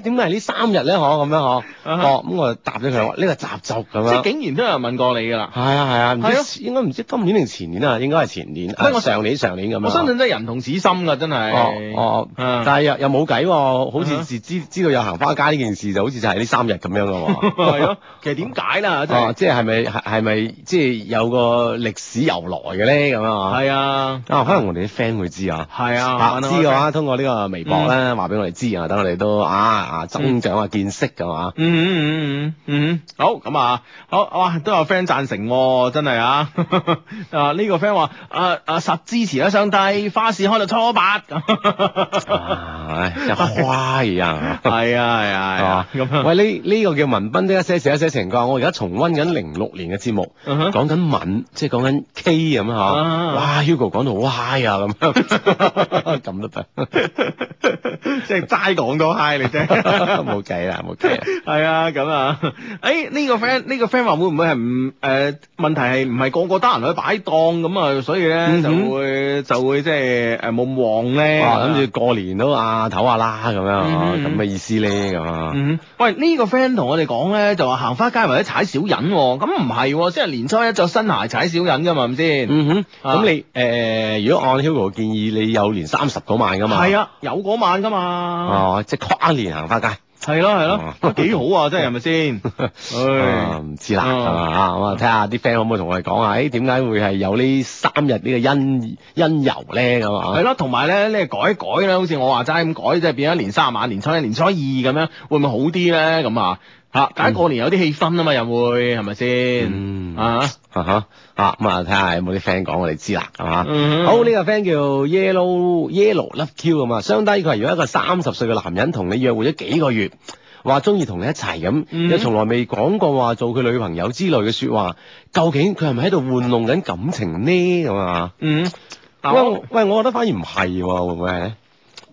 點解係呢三日咧？嗬咁樣嗬，咁我答咗佢話呢個習俗咁樣。即竟然都有人問過你㗎啦。係啊係啊，唔知應該唔知今年定前年啊，應該係前年。係我上年上年咁樣。我相信都係人同此心㗎，真係。但係又又冇計喎，好似知知道有行花街呢件事就好似就係呢三日咁樣咯。係咯，其實點解啦？哦，即係係咪係咪即係有個歷史由來嘅咧咁樣啊？係啊，啊可能我哋啲 friend 會知啊。係啊。知嘅話通過呢個微博咧，話俾我哋知啊，等我哋都啊啊增長啊見識嘅嘛。嗯嗯嗯嗯嗯，好，咁啊，好哇，都有 friend 贊成喎，真係啊。啊呢個 friend 話啊啊實支持啊，上帝花市開到初八咁。哇，真係 high 啊！係啊係啊。係喂，呢呢個叫文斌，的一些事一些情，我而家重温緊零六年嘅節目，講緊文，即係講緊 K 咁啊。哇，Hugo 講到好嗨啊咁。哦，咁 *laughs* 都得， *laughs* *laughs* 即係齋講多嗨你啫，冇計啦，冇計啊，係啊，咁、欸、啊，誒、這、呢個 friend 呢、這個 friend 話會唔會係唔誒問題係唔係個個得閒去擺檔咁啊？所以咧就會就會即係誒冇咁旺咧，諗住過年都啊唞下啦咁樣啊，咁嘅、啊、意思咧咁啊。喂，這個、呢個 friend 同我哋講咧就話行花街或者踩小人喎、啊，咁唔係喎，即、就、係、是、年初一著新鞋踩小人㗎嘛係咪先？不知不知嗯哼咁你誒、啊呃、如果按 Hugo 建議，你有年三十嗰晚噶嘛，係啊，有嗰晚噶嘛，啊、哦，即跨年行花街，係咯係咯，幾、啊啊、 *laughs* 好啊，真係係咪先？唉， *laughs* 唔、哎啊、知啦，係嘛 *laughs* 啊，咁啊，睇下啲 friend 可唔可以同我哋講下，誒點解會係有、啊啊、有呢三日呢個因因由咧咁啊？係咯，同埋咧，你係改一改啦，好似我話齋咁改，即係變咗年卅晚年初一、年初二咁樣，會唔會好啲咧？咁啊？啊！大家過年有啲氣氛啊嘛，又會係咪先？啊嚇啊？咁啊！睇下有冇啲 friend 講，我哋知啦，係嘛？好，呢個 friend 叫 Yellow Yellow Love Q 啊嘛。相低佢話，如果一個三十歲嘅男人同你約會咗幾個月，話中意同你一齊咁，嗯、又從來未講過話做佢女朋友之類嘅説話，究竟佢係咪喺度玩弄緊感情呢？咁啊？嗯，嗯喂，嗯喂我覺得反而唔係喎，會唔會係？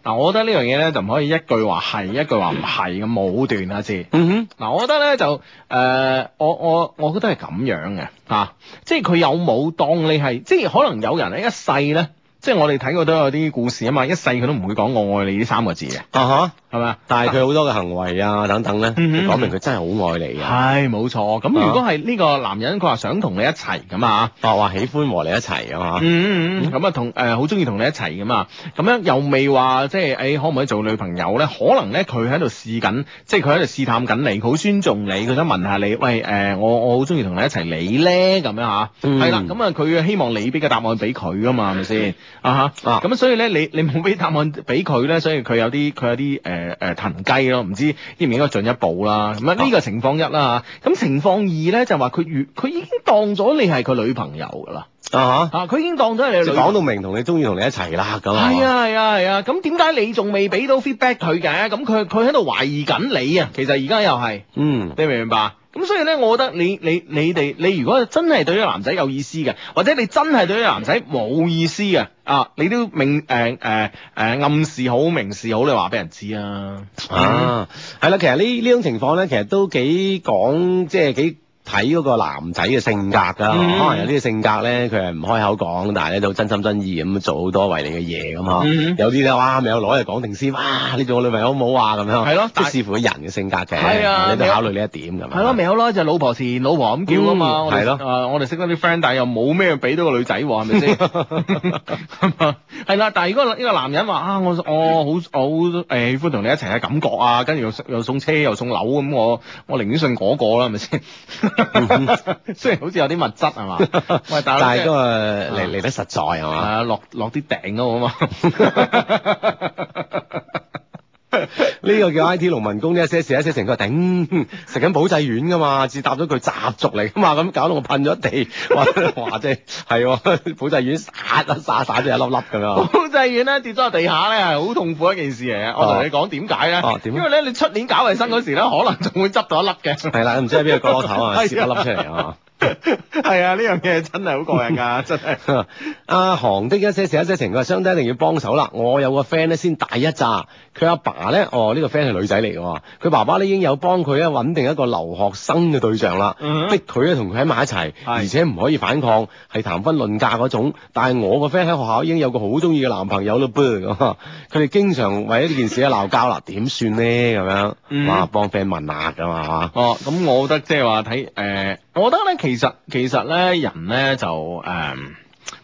嗱，我覺得呢樣嘢咧就唔可以一句話係一句話唔係咁武斷啊，知？嗯哼，嗱、呃，我覺得咧就誒，我我我覺得係咁樣嘅嚇，即係佢有冇當你係，即係可能有人咧一世咧。即係我哋睇過都有啲故事啊嘛，一世佢都唔會講我愛你呢三個字嘅，啊哈，係咪啊？但係佢好多嘅行為啊等等咧，講明佢真係好愛你啊。係冇錯。咁如果係呢個男人，佢話想同你一齊咁啊，或話喜歡和你一齊啊嘛。嗯嗯。咁啊同誒好中意同你一齊咁啊，咁樣又未話即係誒可唔可以做女朋友咧？可能咧佢喺度試緊，即係佢喺度試探緊你，好尊重你，佢想問下你，喂誒我我好中意同你一齊，你咧咁樣嚇。係啦，咁啊佢希望你俾個答案俾佢啊嘛，係咪先？啊哈啊，咁所以咧，你你冇俾答案俾佢咧，所以佢有啲佢有啲誒誒，騰雞咯，唔知應唔應該進一步啦。咁啊呢個情況一啦吓，咁情況二咧就話佢越佢已經當咗你係佢女朋友噶啦。啊哈啊，佢已經當咗你。就講到明同你中意同你一齊啦。咁係啊係啊係啊，咁點解你仲未俾到 feedback 佢嘅？咁佢佢喺度懷疑緊你啊。其實而家又係嗯，你明唔明白？咁所以咧，我覺得你你你哋，你如果真係對呢個男仔有意思嘅，或者你真係對呢個男仔冇意思嘅啊，你都明，誒，誒，誒暗示好，明示好，你話俾人知啊。 *laughs* 啊，係啦， *laughs* 其實呢呢種情況咧，其實都幾講，即係幾睇嗰個男仔嘅性格㗎，mm hmm. 可能有啲性格咧，佢係唔開口講，但係咧都真心真意咁做好多為你嘅嘢咁嗬。Mm hmm. 有啲咧哇，未有攞嚟講定先，哇！你做我女朋友好唔好啊？咁樣係咯，即係視乎個人嘅性格嘅，你都考慮呢一點咁。係咯，未有咯，就是、老婆前老婆咁叫啊嘛。係咯，我哋識得啲 friend，但係又冇咩俾到個女仔喎，係咪先？係啦， *laughs* *laughs* *laughs* 但係如果呢個男人話啊，我我好我好誒喜歡同你一齊嘅感覺啊，跟住又又送車又送樓咁，我我寧願信嗰個啦，係咪先？ *laughs* 雖然好似有啲物質，係嘛，但係都係嚟嚟得實在，係嘛，落落啲頂都好嘛。呢 *laughs* 個叫 I T 農民工，啲 S S S 成個頂，食緊保濟丸㗎嘛，至搭咗佢習俗嚟㗎嘛，咁搞到我噴咗地，話即係係保濟丸撒撒撒即一粒粒咁樣。保濟丸咧跌咗落地下咧，係好痛苦一件事嚟嘅。我同你講點解咧？啊啊、因為咧你出年搞衞生嗰時咧，可能仲會執到一粒嘅。係啦， *laughs* 唔知喺邊個角落頭啊，跌 *laughs* 一粒出嚟啊。係啊，呢樣嘢真係好過癮㗎，真係。阿航的 S S S 成個相一定要幫手啦。我有個 friend 咧，先大一咋。試試試試試試佢阿 *noise* 爸咧，哦呢、這個 friend 係女仔嚟嘅，佢爸爸咧已經有幫佢咧揾定一個留學生嘅對象啦，mm hmm. 逼佢咧同佢喺埋一齊，Is. 而且唔可以反抗，係談婚論嫁嗰種。但係我個 friend 喺學校已經有個好中意嘅男朋友咯，佢哋 *laughs* 經常為咗呢件事啊鬧交啦，點算咧咁樣？Mm hmm. 哇，幫 friend 問下咁啊嘛？哦，咁我覺得即係話睇，誒、呃，我覺得咧其實其實咧人咧就誒。嗯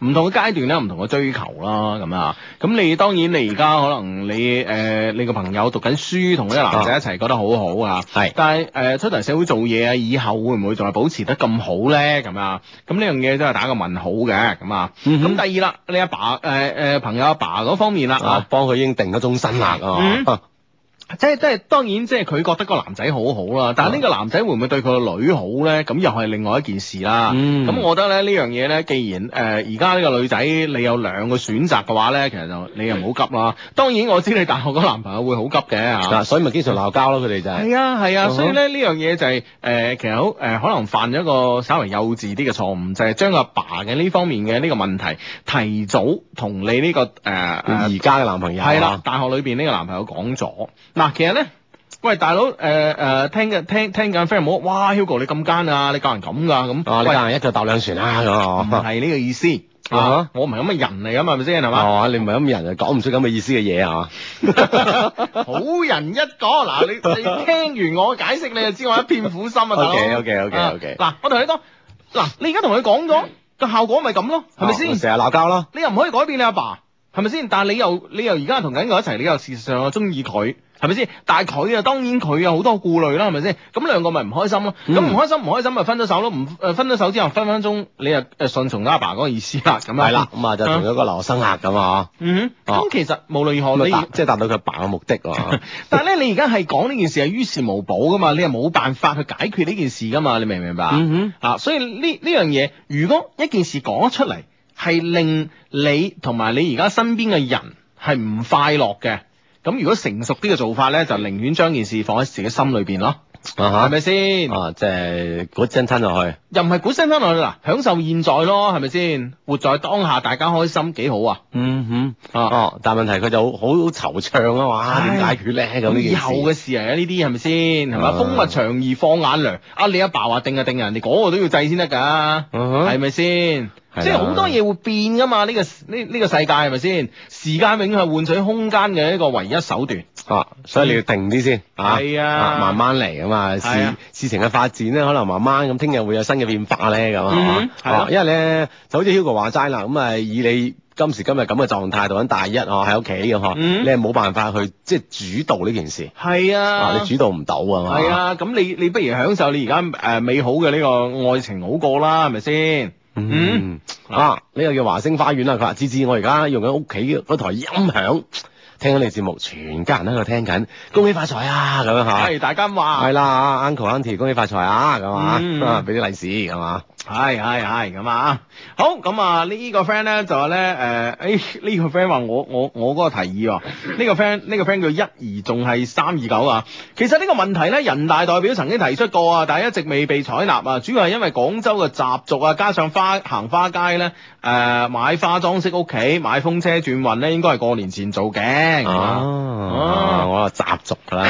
唔同嘅階段咧，唔同嘅追求啦，咁啊，咁你當然你而家可能你誒、呃、你個朋友讀緊書，同嗰個男仔一齊，覺得好好啊，係，但係誒出嚟社會做嘢啊，以後會唔會仲係保持得咁好咧？咁啊，咁呢樣嘢都係打個問號嘅，咁啊，咁第二啦，你阿爸誒誒朋友阿爸嗰方面啦，幫佢已經定咗終身啦，嗯、啊。即係即係當然，即係佢覺得個男仔好好啦，但係呢個男仔會唔會對佢個女好咧？咁又係另外一件事啦。咁我覺得咧，呢樣嘢咧，既然誒而家呢個女仔你有兩個選擇嘅話咧，其實就你又唔好急啦。當然我知你大學嗰男朋友會好急嘅嚇，所以咪經常鬧交咯，佢哋就係。係啊係啊，所以咧呢樣嘢就係誒其實好誒可能犯咗一個稍微幼稚啲嘅錯誤，就係將阿爸嘅呢方面嘅呢個問題提早同你呢個誒而家嘅男朋友，係啦，大學裏邊呢個男朋友講咗。嗱，其實咧，喂，大佬，誒誒，聽緊聽聽緊，friend 冇哇，Hugo 你咁奸啊！你教人咁噶咁，你教人一腳踏兩船啦咁啊，唔係呢個意思啊！我唔係咁嘅人嚟啊嘛，係咪先係嘛？你唔係咁嘅人啊，講唔出咁嘅意思嘅嘢係嘛？好人一個嗱，你你聽完我解釋你就知我一片苦心啊。O K O K O K O K 嗱，我同你講嗱，你而家同佢講咗個效果咪咁咯，係咪先？成日鬧交咯！你又唔可以改變你阿爸係咪先？但係你又你又而家同緊佢一齊，你又事實上我中意佢。係咪先？但係佢啊，當然佢有好多顧慮啦，係咪先？咁兩個咪唔開心咯。咁唔開心，唔開心咪分咗手咯。唔誒，分咗手之後，分分鐘你又誒順從阿爸嗰個意思啦。咁啊，係啦，咁啊就同咗個留生客咁啊。嗯。咁其實無論如何，即係達到佢爸嘅目的咯。但係咧，你而家係講呢件事係於事無補噶嘛？你係冇辦法去解決呢件事噶嘛？你明唔明白？啊，所以呢呢樣嘢，如果一件事講咗出嚟，係令你同埋你而家身邊嘅人係唔快樂嘅。咁如果成熟啲嘅做法咧，就寧願將件事放喺自己心裏邊咯，係咪先？吧啊，即係鼓聲吞落去，又唔係鼓聲吞落去嗱，享受現在咯，係咪先？活在當下，大家開心幾好啊！嗯哼，哦、啊，但問題佢就好惆悵啊嘛，點解嘅咁？哎、以後嘅事嚟嘅呢啲係咪先？係咪？風物長宜放眼量啊！你阿爸話定就定人，人哋嗰個都要制先得噶，係咪先？是即係好多嘢會變噶嘛？呢、呢個呢呢、呢個世界係咪先？時間永遠係換取空間嘅一個唯一手段。啊，所以你要定啲先嚇，係啊，啊，啊，慢慢嚟啊嘛。啊事事情嘅發展咧，可能慢慢咁，聽日會有新嘅變化咧，咁係嘛？啊啊、因為咧，就好似 Hugo 話齋啦，咁啊，以你今時今日咁嘅狀態讀緊大一，我喺屋企咁呵，啊啊、你係冇辦法去即係、就是、主導呢件事。係啊，啊，你主導唔到啊。嘛。係啊，咁你你不如享受你而家誒美好嘅呢個愛情好過啦，係咪先？嗯啊，呢個叫華星花園啊。佢話芝芝，芝芝我而家用緊屋企嗰台音響聽緊你節目，全家人都喺度聽緊，恭喜發財啊咁樣吓。係、哎、大家話。係啦，uncle auntie，恭喜發財啊咁啊，俾啲利是咁嘛。嗯 *laughs* *laughs* 係係係咁啊！好，咁啊呢個 friend 咧，就話咧誒，誒呢個 friend 話我我我嗰個提議，呢個 friend 呢個 friend 叫一二仲係三二九啊！其實呢個問題咧，人大代表曾經提出過啊，但係一直未被採納啊，主要係因為廣州嘅習俗啊，加上花行花街咧，誒、呃、買花裝飾屋企買風車轉運咧，應該係過年前做嘅哦哦，我習俗啦，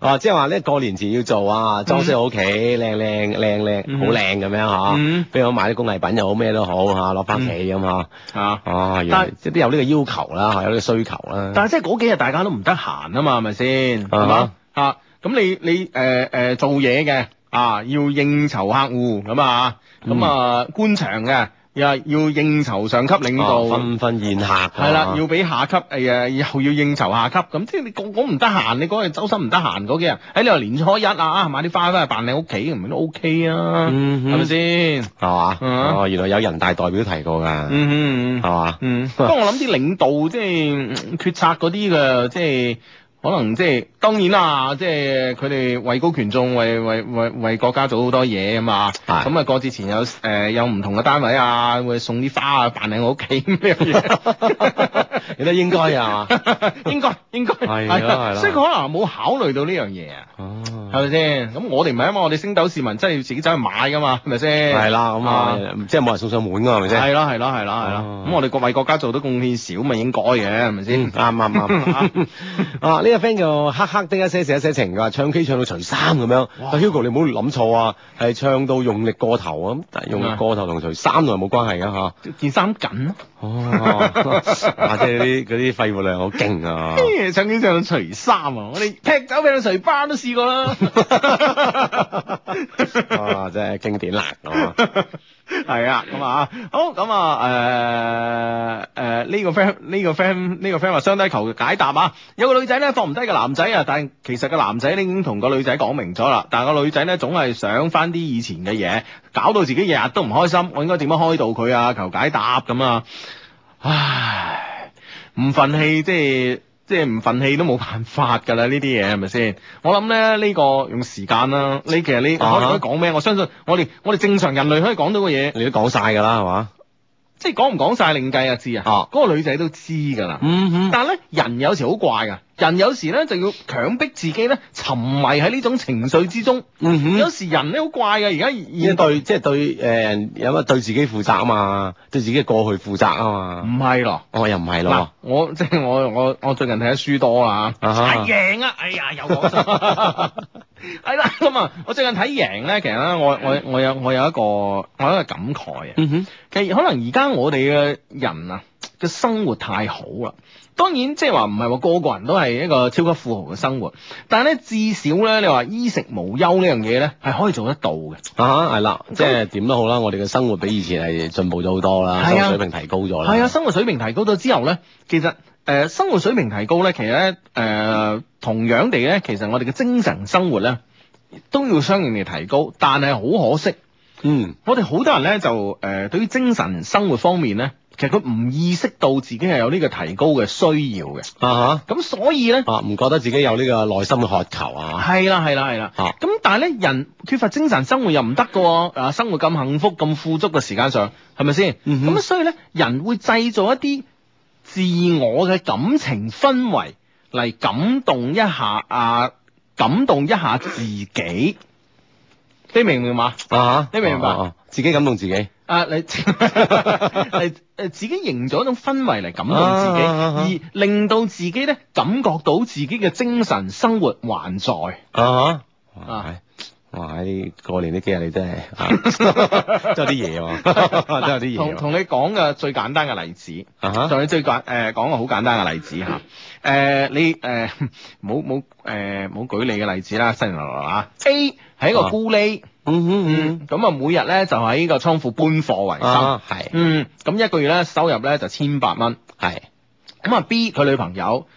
哦即係話咧過年前要做啊，裝飾屋企靚靚靚。Mm hmm. 好靚咁樣嗬，比如我買啲工藝品又好咩都好吓，攞翻屋企咁嗬，mm hmm. 啊，但即係都有呢個要求啦，有呢個需求啦。但係即係嗰幾日大家都唔得閒啊嘛，係咪先？係嘛、uh，huh. 啊，咁你你誒誒、呃呃、做嘢嘅啊，要應酬客戶咁啊，咁啊官場嘅。Mm hmm. 啊又要應酬上級領導，哦、分分宴客，係啦，要俾下級，誒、哎、誒，又要應酬下級，咁即係你講講唔得閒，你嗰日周身唔得閒嗰幾日，你話年初一啊，買啲花翻嚟扮你屋企，咁係都 OK 啊，係咪先？係嘛？哦，原來有人大代表提過㗎，係嘛？不過我諗啲領導即係決策嗰啲嘅，即係。可能即係當然啦，即係佢哋位高權重，為為為為國家做好多嘢啊嘛。咁啊過節前有誒有唔同嘅單位啊會送啲花扮喺我屋企咁樣嘢，覺得應該啊嘛，應該應該係係啦，所以可能冇考慮到呢樣嘢啊，係咪先？咁我哋唔係因為我哋星斗市民真係要自己走去買噶嘛，係咪先？係啦咁啊，即係冇人送上門噶係咪先？係啦係啦係啦係啦，咁我哋各為國家做到貢獻少，咪應該嘅係咪先？啱啱啱啊呢。friend 就黑黑啲，一些事一些情，噶唱 K 唱到除衫咁樣。但係 Hugo 你唔好諗錯啊，係唱到用力過頭啊，咁但係用力過頭同除衫又冇關係噶，吓件衫緊。哦、 *laughs* 啊，即係啲嗰啲肺活量好勁啊！曾經上到除衫啊，我哋踢走劈到除班都試過啦。哦、 *laughs* *laughs* 啊，真係經典啦，係啊，咁 *laughs* 啊，啊，好咁啊，誒誒呢個 friend 呢個 friend 呢個 friend 話雙低求解答啊！有個女仔咧放唔低個男仔啊，但係其實個男仔已經同個女仔講明咗啦，但係個女仔咧總係想翻啲以前嘅嘢，搞到自己日日都唔開心，我應該點樣開導佢啊？求解答咁啊！唉，唔忿氣，即係即係唔忿氣都冇辦法噶啦呢啲嘢係咪先？我諗咧呢個用時間啦，你其實你我哋、uh huh. 可以講咩？我相信我哋我哋正常人類可以講到嘅嘢，你都講晒噶啦係嘛？即係講唔講晒另計啊，知啊、uh？哦，嗰個女仔都知噶啦，嗯哼、uh。Huh. 但係咧人有時好怪噶。人有時咧就要強迫自己咧，沉迷喺呢種情緒之中。嗯、哼有時人咧好怪㗎、啊。而家要對，嗯、哼即係對誒、呃，有乜對自己負責啊嘛？對自己嘅過去負責啊嘛？唔係咯，我、哦、又唔係咯。啊、我即係我我我最近睇得書多啊哈。係贏啊！哎呀，又講曬。係啦咁啊，我最近睇贏咧，其實咧，我我我有我有一個我一個感慨啊。嗯、哼，其實可能而家我哋嘅人啊嘅生活太好啦。當然，即係話唔係話個個人都係一個超級富豪嘅生活，但係咧至少咧，你話衣食無憂呢樣嘢咧係可以做得到嘅。啊、uh，係、huh，啦所以，即係點都好啦，我哋嘅生活比以前係進步咗好多啦，生活、啊、水平提高咗啦。係啊，生活水平提高咗之後咧，其實誒、呃、生活水平提高咧，其實咧誒、呃、同樣地咧，其實我哋嘅精神生活咧都要相應地提高，但係好可惜，嗯，我哋好多人咧就誒、呃、對於精神生活方面咧。其實佢唔意識到自己係有呢個提高嘅需要嘅，啊咁、uh huh. 所以呢，啊唔、uh huh. 覺得自己有呢個內心嘅渴求啊，係啦係啦係啦，咁、uh huh. 但係呢，人缺乏精神生活又唔得噶，啊生活咁幸福咁富足嘅時間上，係咪先？咁、uh huh. 所以呢，人會製造一啲自我嘅感情氛圍嚟感動一下啊，感動一下自己，你明唔明嘛？啊吓，你明白？Uh huh. *laughs* 自己感動自己啊，嚟嚟誒自己營造一種氛圍嚟感動自己，ah, 而令到自己咧感覺到自己嘅精神生活還在、ah, 啊！啊哇！哇！喺過年呢幾日你真係真係啲嘢喎，真係啲嘢同同你講嘅最簡單嘅例子同你最簡誒、呃、講個好簡單嘅例子嚇誒、啊、你誒冇冇誒冇舉你嘅例子啦，新人來，來，來啊！A 係一個孤例。啊嗯嗯 *noise* 嗯，咁啊每日咧就喺個倉庫搬貨為生，係、啊，的嗯，咁一個月咧收入咧就千八蚊，係的，咁啊、嗯、B 佢女朋友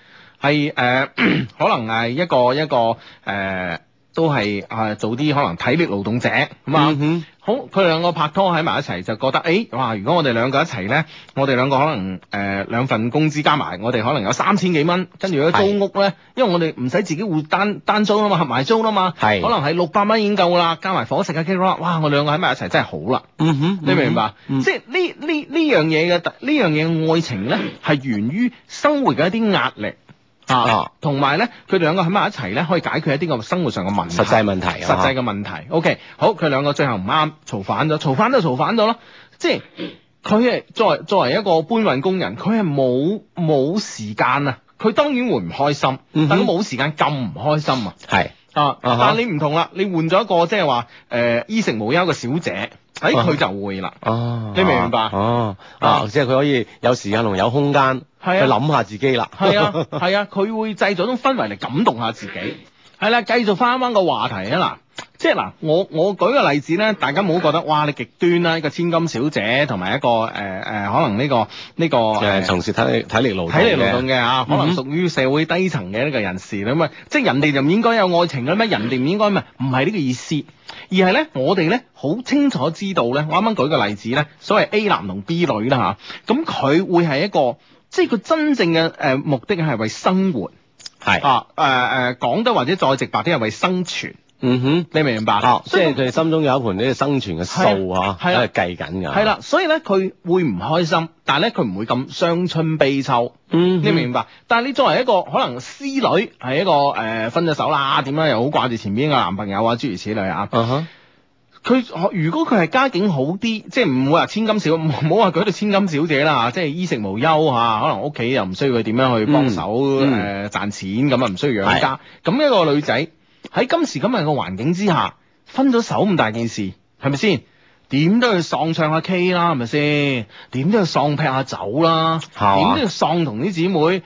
係誒、呃，可能係一個一個誒。呃都係啊，做啲可能體力勞動者咁啊、嗯哼嗯。好，佢兩個拍拖喺埋一齊就覺得，哎、欸，哇！如果我哋兩個一齊呢，我哋兩個可能誒、呃、兩份工資加埋，我哋可能有三千幾蚊。跟住佢租屋呢，是因為我哋唔使自己互單單租啊嘛，合埋租啊嘛，是可能係六百蚊已經夠啦。加埋伙食嘅、啊、Kira，哇！我兩個喺埋一齊真係好啦。嗯哼，你明唔明白？嗯哼嗯、即係呢呢呢樣嘢嘅，呢樣嘢愛情呢，係源於生活嘅一啲壓力。啊，同埋咧，佢哋兩個喺埋一齊咧，可以解決一啲個生活上嘅問題。實際問題，實際嘅問題。啊、o、okay. K，好，佢兩個最後唔啱，嘈反咗，嘈反都嘈反咗啦。即係佢係作為作為一個搬運工人，佢係冇冇時間啊，佢當然會唔開心，嗯、哼但都冇時間咁唔開心啊。係是啊，啊但你唔同啦，你換咗一個即係話誒衣食無憂嘅小姐。喺佢、哎、就會啦，哦、啊，你明唔明白？哦、啊啊，啊，即係佢可以有時間同有空間去諗下自己啦。係啊，係 *laughs* 啊，佢、啊、會製造一種氛圍嚟感動下自己。係啦、啊，繼續翻翻個話題啊嗱。即係嗱，我我舉個例子咧，大家唔好覺得哇，你極端啦，一個千金小姐同埋一個誒誒、呃，可能呢、呢個呢、呢個誒、呃、從事體體力勞動、體力勞動嘅嚇，啊、可能屬於社會低層嘅呢個人士咁嘛。嗯、哼即係人哋就唔應該有愛情嘅咩？人哋唔應該咩？唔係呢個意思，而係咧，我哋咧好清楚知道咧，我啱啱舉個例子咧，所謂 A 男同 B 女啦嚇，咁、啊、佢會係一個即係佢真正嘅誒目的係為生活，係是啊誒誒、呃、講得或者再直白啲係為生存。嗯哼，你明白即係佢哋心中有一盤呢個生存嘅數啊，喺度計緊噶係啦，所以咧佢會唔開心，但係咧佢唔會咁傷春悲秋。嗯，你明白？但係你作為一個可能師女，係一個誒分咗手啦，點樣又好掛住前邊個男朋友啊，諸如此類啊。哼。佢如果佢係家境好啲，即係唔會話千金小，唔好話佢到千金小姐啦，即係衣食無憂吓，可能屋企又唔需要佢點樣去幫手誒賺錢咁啊，唔需要養家。咁一個女仔。喺今時今日嘅環境之下，分咗手咁大件事，係咪先？點都要喪唱下、啊、K 啦，係咪先？點都要喪劈下酒啦，點是、啊、都要喪同啲姊妹誒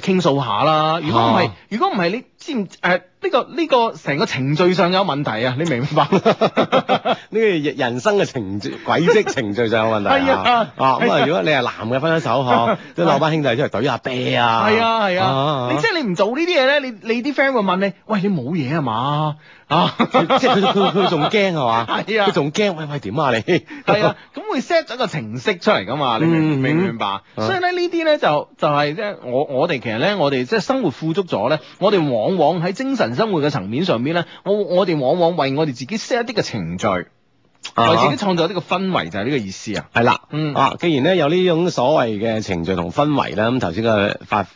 傾訴下啦、啊。如果唔係，是啊、如果唔係你。先誒呢個呢、這個成個,程序, *laughs* *laughs* 個程序上有問題啊！你明唔明白？呢個人生嘅程序軌跡程序上有問題啊！啊咁 *laughs* 啊！如果你係男嘅分咗手即係攞班兄弟出嚟懟下啤啊！係啊係啊！啊啊你即係你唔做呢啲嘢咧，你你啲 friend 會問你：喂，你冇嘢啊嘛？ *laughs* 啊！即係佢佢佢仲驚係嘛？係啊！佢仲驚喂喂點啊你？係啊！咁、 *laughs* 啊、會 set 咗個程式出嚟㗎嘛？你明唔明明白？嗯嗯、所以咧呢啲咧就是、就係即係我我哋其實咧我哋即係生活富足咗咧，我哋往往喺精神生活嘅層面上邊咧，我我哋往往為我哋自己 set 一啲嘅程序，為自己創造一啲個氛圍就係、是、呢個意思啊。係啦、嗯。嗯、啊，既然咧有呢種所謂嘅程序同氛圍啦，咁頭先嘅發。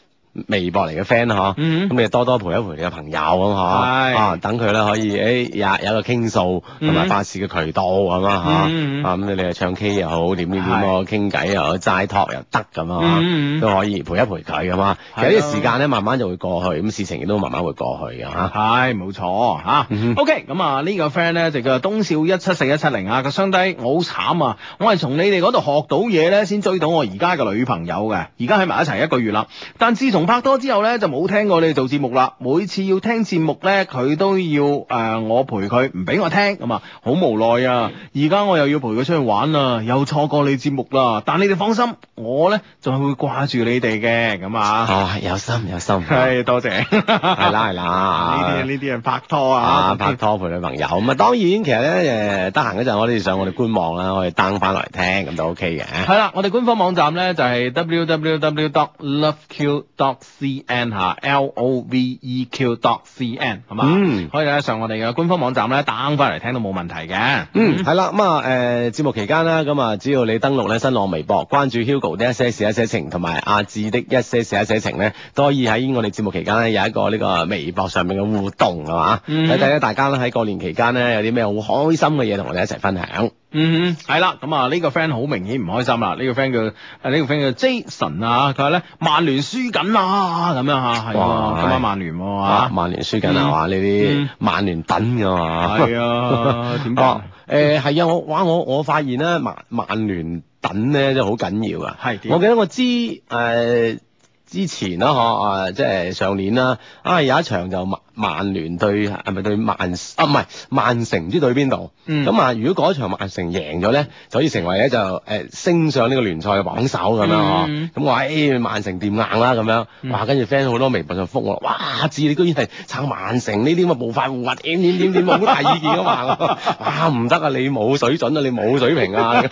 微博嚟嘅 friend 咯，咁你多多陪一陪你嘅朋友咁嗬，啊等佢咧可以誒有有個傾訴同埋發泄嘅渠道咁啊嗬，咁你又唱 K 又好點點點，傾偈又好，齋託又得咁啊，都可以陪一陪佢咁啊。其實啲時間咧慢慢就會過去，咁事情亦都慢慢會過去嘅嚇。係冇錯嚇。OK，咁啊呢個 friend 咧就叫東少一七四一七零啊。個兄弟我好慘啊，我係從你哋嗰度學到嘢咧先追到我而家嘅女朋友嘅，而家喺埋一齊一個月啦，但自從拍拖之後咧就冇聽過你哋做節目啦。每次要聽節目咧，佢都要誒、呃、我陪佢，唔俾我聽咁啊，好無奈啊！而家我又要陪佢出去玩啊，又錯過你節目啦。但你哋放心，我咧仲係會掛住你哋嘅咁啊。有心有心，多謝。係啦係啦，呢啲呢啲人拍拖啊，啊拍拖陪女朋友。咁啊，當然其實咧誒，得閒嗰陣我哋上我哋官網啦、OK，我哋登返落嚟聽，咁都 OK 嘅。係啦，我哋官方網站咧就係、是、www.loveq.com c n 吓 l o v e q dot c n，係嘛？嗯，可以咧上我哋嘅官方網站咧打翻嚟聽都冇問題嘅。嗯，係啦咁啊誒，節目期間啦，咁啊只要你登錄咧新浪微博，關注 Hugo 的一些事一些情同埋阿志的一些事一些情咧，都可以喺我哋節目期間咧有一個呢個微博上面嘅互動，係嘛？嗯，睇睇咧大家咧喺過年期間咧有啲咩好開心嘅嘢同我哋一齊分享。嗯哼，係啦，咁啊呢個 friend 好明顯唔開心啦。那個這個、son, 呢個 friend 叫啊，呢個 friend 叫 Jason 啊，佢話咧，曼聯輸緊啊，咁樣嚇，係咁哇啊，曼聯喎，啊曼聯輸緊啊嘛，呢啲、嗯、曼聯等嘅嘛，係 *laughs* 啊，點講？誒係啊，我、哎、哇我我發現咧曼曼聯等咧真係好緊要啊。係。我記得我之誒、呃、之前啦，呵、嗯、啊，即係上年啦，啊有一場就曼聯對係咪對曼啊唔係曼城唔知對邊度咁啊？如果嗰場曼城贏咗咧，就可以成為咧就誒、呃、升上呢個聯賽榜首咁樣嗬？咁我誒曼城掂硬啦咁樣，哇、啊！跟住 friend 好多微博就覆我，哇！知你居然係撐曼城呢啲咁嘅暴發戶啊？點點點點冇好大意見啊嘛？哇、啊！唔、啊、得啊，你冇水準啊，你冇水平啊！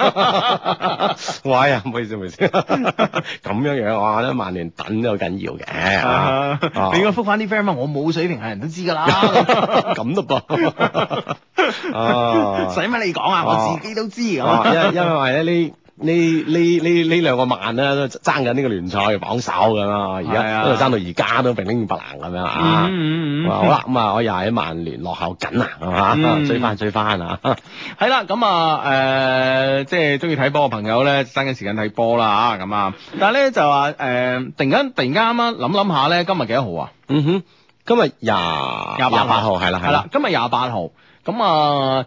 我、 *laughs* *laughs* 哎、呀，唔好意思，唔好意思，咁 *laughs* 樣樣哇！咧、啊，曼聯等都好緊要嘅。啊 uh, 啊、你應該覆翻啲 friend 啊，我冇水平係。 *laughs* *laughs* 人都知噶啦，咁咯噃啊，使乜你講啊？我自己都知，我因因為咧呢呢呢呢呢兩個曼咧爭緊呢個聯賽榜首咁啊，而家都爭到而家都明明白白咁樣啊。好啦，咁啊，我又喺曼聯落後緊啊，係嘛，追翻追翻啊。係啦，咁啊，誒，即係中意睇波嘅朋友咧，爭緊時間睇波啦啊咁啊，但係咧就話誒，突然間突然間啱啱諗諗下咧，今日幾多號啊？嗯哼。今日廿廿八號，係啦，係啦，的的今日廿八號，咁啊、嗯、哼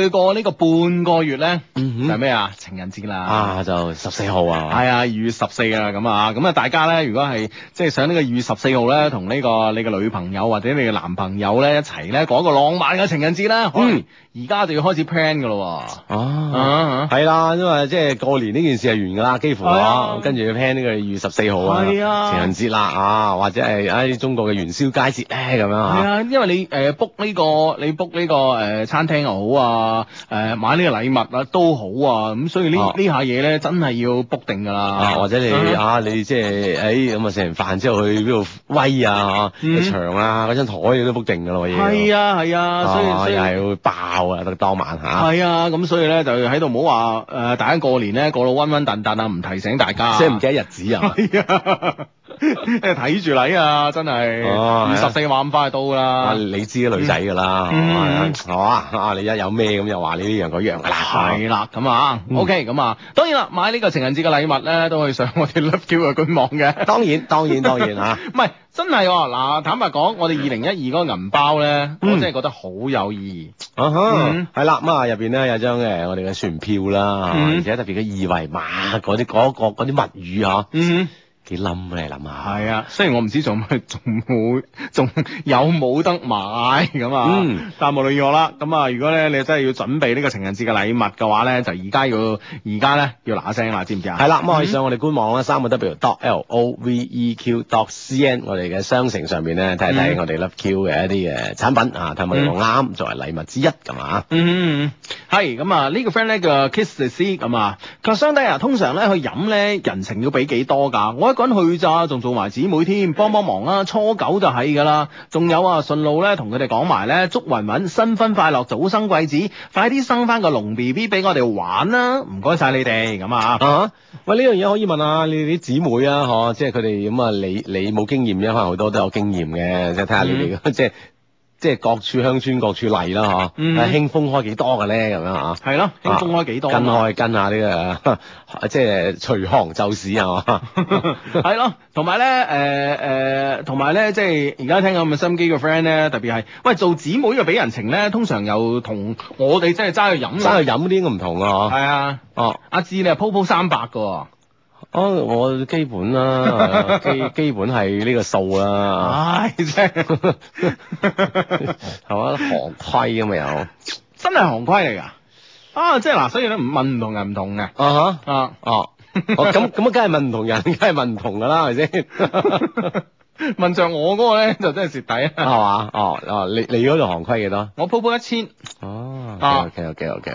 再過呢個半個月呢，係咩啊？情人節啦，啊就十四號啊，係啊二月十四啊咁啊，咁啊大家呢，如果係即係想呢個二月十四號呢，同呢個你嘅女朋友或者你嘅男朋友呢一齊呢，過一個浪漫嘅情人節啦，嗯。而家就要開始 plan 噶咯喎！啊，係啦，因為即係過年呢件事係完噶啦，幾乎啊，跟住要 plan 呢個二月十四號啊，情人節啦啊，或者係喺中國嘅元宵佳節咧咁樣啊。係啊，因為你誒 book 呢個，你 book 呢個誒餐廳又好啊，誒買呢個禮物啊都好啊，咁所以呢呢下嘢咧真係要 book 定㗎啦。或者你啊，你即係唉咁啊，食完飯之後去邊度威啊嚇？嗰場啊，嗰張台都 book 定㗎咯，依個係啊係啊，所以又係會爆。當晚吓，係啊，咁、啊、所以咧就喺度唔好話誒大家過年咧過到溫溫頓頓啊，唔提醒大家，即係唔記得日子啊 *laughs* 吧 *laughs* 睇住你啊，真係二十四萬塊就到啦。你知啲女仔噶啦，係嘛、嗯啊？啊，你一有咩咁又話呢啲樣嗰樣。嗱、啊，係啦、啊，咁啊、嗯、，OK，咁啊，當然啦，買呢個情人節嘅禮物咧，都可以上我哋 Love Joy 嘅官網嘅。當然，當然，當然吓。唔、啊、係， *laughs* 真係嗱、啊，坦白講，我哋二零一二嗰個銀包咧，嗯、我真係覺得好有意義。啊係哈啦，咁、嗯、啊，入邊咧有張嘅我哋嘅船票啦、啊，而且特別嘅二維碼嗰啲嗰個嗰啲、那個、物語啊，嗯。你諗你諗下。係啊，雖然我唔知做乜，仲會仲有冇得買咁啊。嗯、但無論如何啦，咁啊，如果咧你真係要準備呢個情人節嘅禮物嘅話咧，就而家要而家咧要嗱嗱聲啦，知唔知啊？係啦、嗯，嗯、可以上我哋官網啦，三個、嗯、W dot L O V E Q dot C N，我哋嘅商城上邊咧睇睇我哋 Love Q 嘅一啲嘅產品啊，睇下有冇啱作為禮物之一咁啊、嗯。嗯嗯係咁啊，呢個 friend 咧叫 Kiss the Sea 咁啊，佢話雙低啊，通常咧佢飲咧人情要俾幾多㗎？我一去咋，仲做埋姊妹添，幫幫忙啦、啊。初九就係噶啦，仲有啊，順路咧同佢哋講埋咧，祝雲雯新婚快樂，早生貴子，快啲生翻個龍 B B 俾我哋玩啦、啊。唔該晒你哋咁啊， *laughs* 啊、這個、啊。啊，喂，呢樣嘢可以問下你哋啲姊妹啊，嗬，即係佢哋咁啊，你你冇經驗啫，可能好多都有經驗嘅，即係睇下你哋即係。嗯 *laughs* 即係各處鄉村各處例啦，嗬、嗯哼。興風開幾多嘅咧，咁樣嚇。係咯，興風開幾多、啊？跟開跟下啲、這個、 *laughs* 啊，即係隨行就市係嘛。係咯，同埋咧，誒誒，同埋咧，即係而家聽講咁心機嘅。friend 咧，特別係喂做姊妹嘅俾人情咧，通常又同我哋真係齋去飲，齋去飲啲應該唔同啊。嗬。係啊，哦、啊，阿志你係鋪鋪三百嘅。啊。啊、哦！我基本啦、啊，基基本係呢個數啦、啊，係啫，係嘛行規咁又，真係行規嚟噶啊！即係嗱，所以咧唔問唔同人唔同嘅，啊哈，啊 *laughs* 哦，咁咁啊，梗、哦、係、哦嗯嗯嗯、問唔同人，梗係問唔同噶啦，係、啊、咪先？ *laughs* 問着我嗰個咧就真係蝕底啊，係嘛？哦哦，你你嗰度行規幾多？我鋪鋪一千。哦。O K O K O K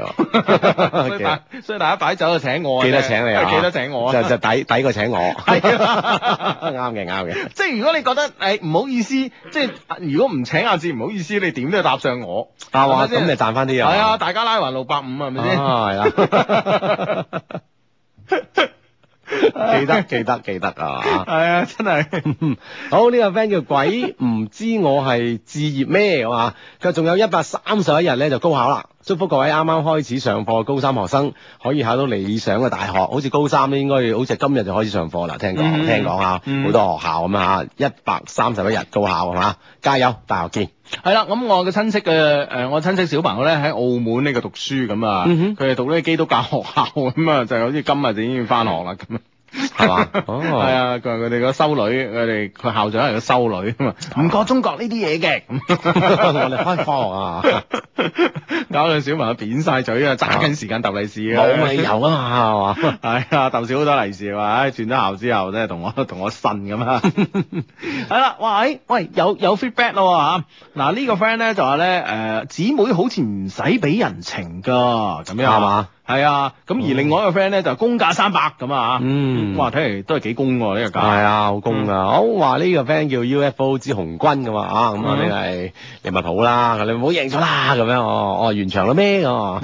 K。所以大家擺酒就請我啊，記得請你啊，記得請我就就抵抵過請我。係啱嘅啱嘅。 *laughs* 即係如果你覺得誒、哎、唔好意思，即係如果唔請阿志唔好意思，你點都要搭上我。係嘛？咁你賺翻啲啊。係啊，啊，大家拉橫六百五啊，係咪先？係啊。記得記得記得啊！係啊，真係好呢個 friend 叫鬼唔知我係置業咩啊嘛，佢仲有一百三十一日咧就高考啦。祝福各位啱啱開始上課嘅高三學生可以考到理想嘅大學，好似高三咧應該好似今日就開始上課啦，聽講、嗯、聽講啊，好多學校咁啊，一百三十一日高考嚇、嗯，加油，大學見。係啦，咁我嘅親戚嘅誒、呃，我親戚小朋友咧喺澳門呢個讀書咁啊，佢哋、嗯、哼讀呢基督教學校咁啊，就係、好似今日就已經翻學啦咁係嘛？哦， *laughs* 係、oh. 啊！佢話佢哋個修女，佢哋佢校長係個修女啊嘛。唔過中國呢啲嘢嘅，我 *laughs* 哋 *laughs* *laughs* 開課啊， *laughs* 搞到小朋友扁晒嘴啊，揸緊時間抌利是啊！冇 *laughs* 理由啊嘛，係嘛、 *laughs* *laughs* *laughs* *laughs* 哎？係啊，抌少好多利是啊！唉，轉咗校之後，真同我同我呻咁啊！係啦，哇！喂，有有 feedback 咯嗱、啊啊這個、呢個 friend 咧就話咧，誒姊、呃、妹好似唔使俾人情噶，咁 *laughs* 樣係嘛？係 ítulo 啊，咁而另外一個 friend 咧就公價三百咁啊，嗯，哇，睇嚟都係幾公喎呢個價，係啊，好公啊。好話呢個 friend 叫 UFO 之紅軍噶嘛，啊，咁你係你咪好啦，你唔好認咗啦，咁樣哦，哦，完場啦咩，哦，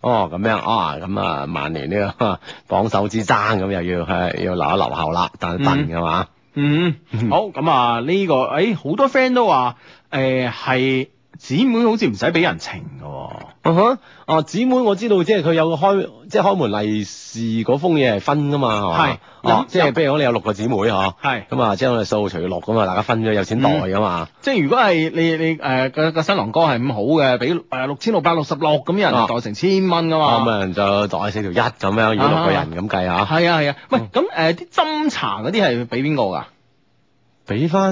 哦，咁樣啊，咁啊，萬年呢個榜首之爭咁又要係要留一留後啦，但係等噶嘛，嗯，好，咁啊呢個誒好多 friend 都話誒係。呃姊妹好似唔使俾人情噶喎、啊。哼、uh，huh. 啊姊妹我知道，即係佢有個開即係開門利是嗰封嘢係分噶嘛。係，哦，即係譬如我哋有六個姊妹嗬，係，咁啊即係我哋數除六咁啊，大家分咗有錢袋噶嘛。啊嗯、即係如果係你你誒、呃、個,個新郎哥係咁好嘅，俾誒六千六百六十六咁人就袋成千蚊噶嘛。咁啊、嗯嗯、人就袋四條一咁樣，要六個人咁計吓。係啊係啊，喂，咁誒啲斟茶嗰啲係俾邊個噶？俾翻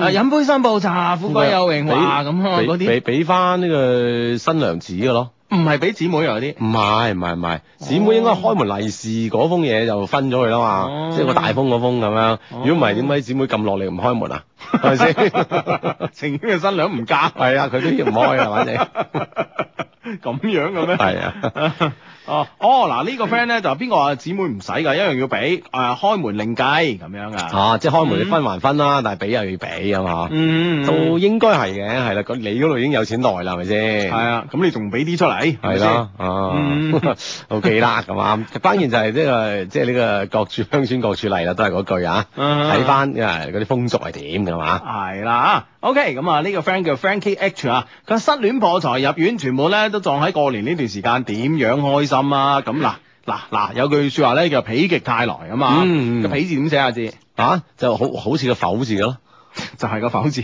啊！飲、呃、杯新報茶，富貴有榮華咁啊！嗰啲俾俾翻呢個新娘子嘅咯，唔係俾姊妹啊啲，唔係唔係唔係，姊、哦、妹應該開門利、erm 哦、是嗰封嘢就分咗佢啦嘛，即係個大封嗰封咁樣。如果唔係，點解姊妹咁落力唔開門啊？係咪先？情願嘅新娘唔嫁，係啊，佢都要唔開啊，反正咁樣嘅咩？係啊。哦，哦嗱，呢個 friend 咧就邊個啊？姊妹唔使㗎，一樣要俾，誒開門另計咁樣㗎。啊，即係開門你分還分啦，但係俾又要俾咁啊嘛。嗯，都應該係嘅，係啦。你嗰度已經有錢來啦，係咪先？係啊，咁你仲俾啲出嚟？係咯，啊，OK 啦咁啊。關鍵就係呢個，即係呢個各處鄉村各處例啦，都係嗰句啊。睇翻誒嗰啲風俗係點㗎嘛？係啦，OK。咁啊，呢個 friend 叫 Frankie H 啊，佢失戀破財入院，全部咧都撞喺過年呢段時間，點樣開？心啊，咁嗱嗱嗱，有句説話咧叫否極泰來啊嘛。個否字點寫下字？啊，就好好似個否字咯，就係個否字，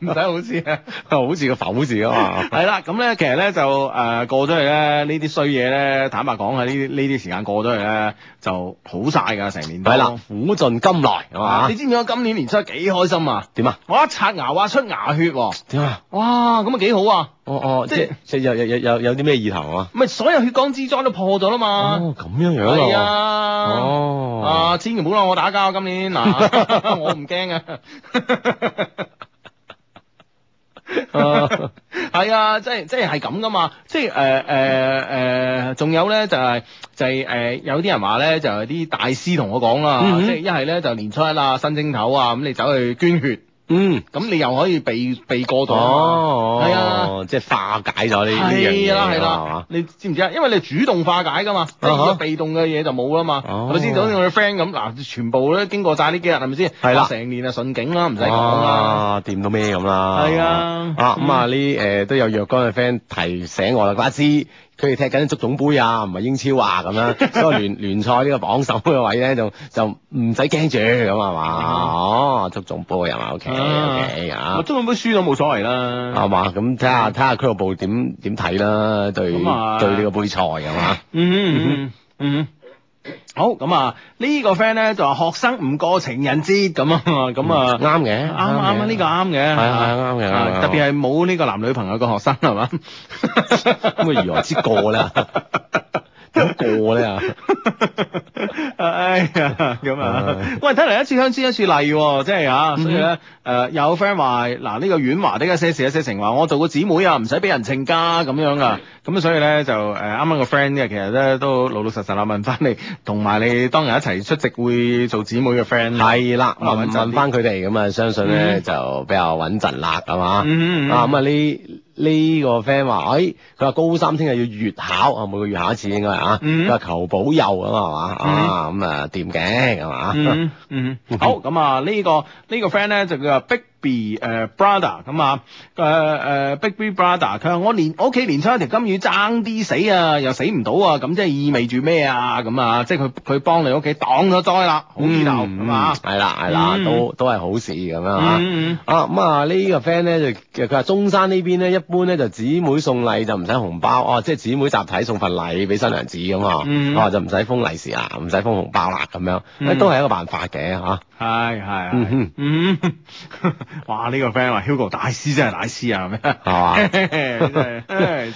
唔使好似，啊，好似個否字啊嘛。係啦，咁咧其實咧就誒過咗去咧，呢啲衰嘢咧，坦白講喺呢呢啲時間過咗去咧就好晒㗎，成年。係啦，苦盡甘來係嘛？你知唔知我今年年初幾開心啊？點啊？我一刷牙話出牙血喎。點啊？哇，咁啊幾好啊！哦哦，哦即係即係有有有有有啲咩意頭啊？唔係，所有血光之災都破咗啦嘛，哦！咁樣樣咯，係啊，哦，啊，千祈唔好鬧我打交啊！今年嗱，我唔驚啊，係啊，即係即係係咁噶嘛，即係誒誒誒，仲、呃呃呃、有咧就係就係誒，有啲人話咧就係啲大師同我講啦，嗯、即係一係咧就年初一啦，新正頭啊，咁你走去捐血。嗯，咁你又可以避避過度，係、哦、啊，即係化解咗呢啲嘢啦，係嘛、啊？啊、吧你知唔知啊？因為你主動化解噶嘛，你個、啊、被動嘅嘢就冇啦嘛，係咪先？好似我啲 friend 咁，嗱，全部咧經過晒呢幾日係咪先？係啦，成年啊順境啦，唔使講啦，掂到咩咁啦，係啊，啊咁啊呢誒都有若干嘅 friend 提醒我啦，瓜師。譬如踢緊足總杯啊，唔係英超啊咁樣啊、 *laughs* 所以聯聯賽呢個榜首嘅位咧，就就唔使驚住咁啊嘛。 *laughs* 哦，足總杯又嘛，O K O K 啊。足、okay, 啊啊、總杯輸都冇所謂啦，係嘛？ *laughs* 咁睇下睇下俱樂部點點睇啦，對嘛對呢個杯賽咁啊。 *laughs* 嗯嗯嗯。 *laughs* 好咁啊，呢、嗯這個 friend 咧就話學生唔過情人節咁啊，咁啊，啱嘅、嗯，啱啱啊，呢、這個啱嘅，係係啱嘅，特別係冇呢個男女朋友嘅學生係嘛，咁啊 *laughs* *laughs* 如何之過啦？ *laughs* 一個咧啊， *laughs* 哎呀咁啊！喂，睇嚟一次香知一次例喎、啊，即係啊，所以咧，誒、嗯呃，有 friend 話嗱呢個婉華的一些事一些情，話我做個姊妹啊，唔使俾人稱家咁樣噶，咁所以咧就誒啱啱個 friend 嘅，其實咧都老老實實啊，問翻你同埋你當日一齊出席會做姊妹嘅 friend，係啦了，問問翻佢哋咁啊，相信咧就比較穩陣啦，係嘛、嗯嗯嗯，嗯嗯啊咁啊你。嗯嗯嗯呢個 friend 話：「哎，佢話高三聽日要月考啊，每個月考一次應該啊，佢話、mm hmm. 求保佑啊嘛，啊咁啊掂嘅係嘛嗯好咁啊，呢個呢個 friend 咧就叫啊逼。Be, uh, brother, uh, uh, b 誒 brother 咁啊誒誒 Big Brother，佢話我年我屋企年初一條金魚爭啲死啊，又死唔到啊，咁即係意味住咩啊？咁啊，即係佢佢幫你屋企擋咗災啦，好意頭，係嘛？係啦係啦，都都係好事咁樣嚇。啊咁啊，呢個 friend 咧就佢話中山呢邊咧一般咧就姊妹送禮就唔使紅包，哦，即係姊妹集體送份禮俾新娘子咁啊，哦就唔使封利是啦，唔使封紅包啦咁樣，都係一個辦法嘅嚇。係係。嗯哇！呢個 friend 話 Hugo 大師真係大師啊，係咪？係嘛？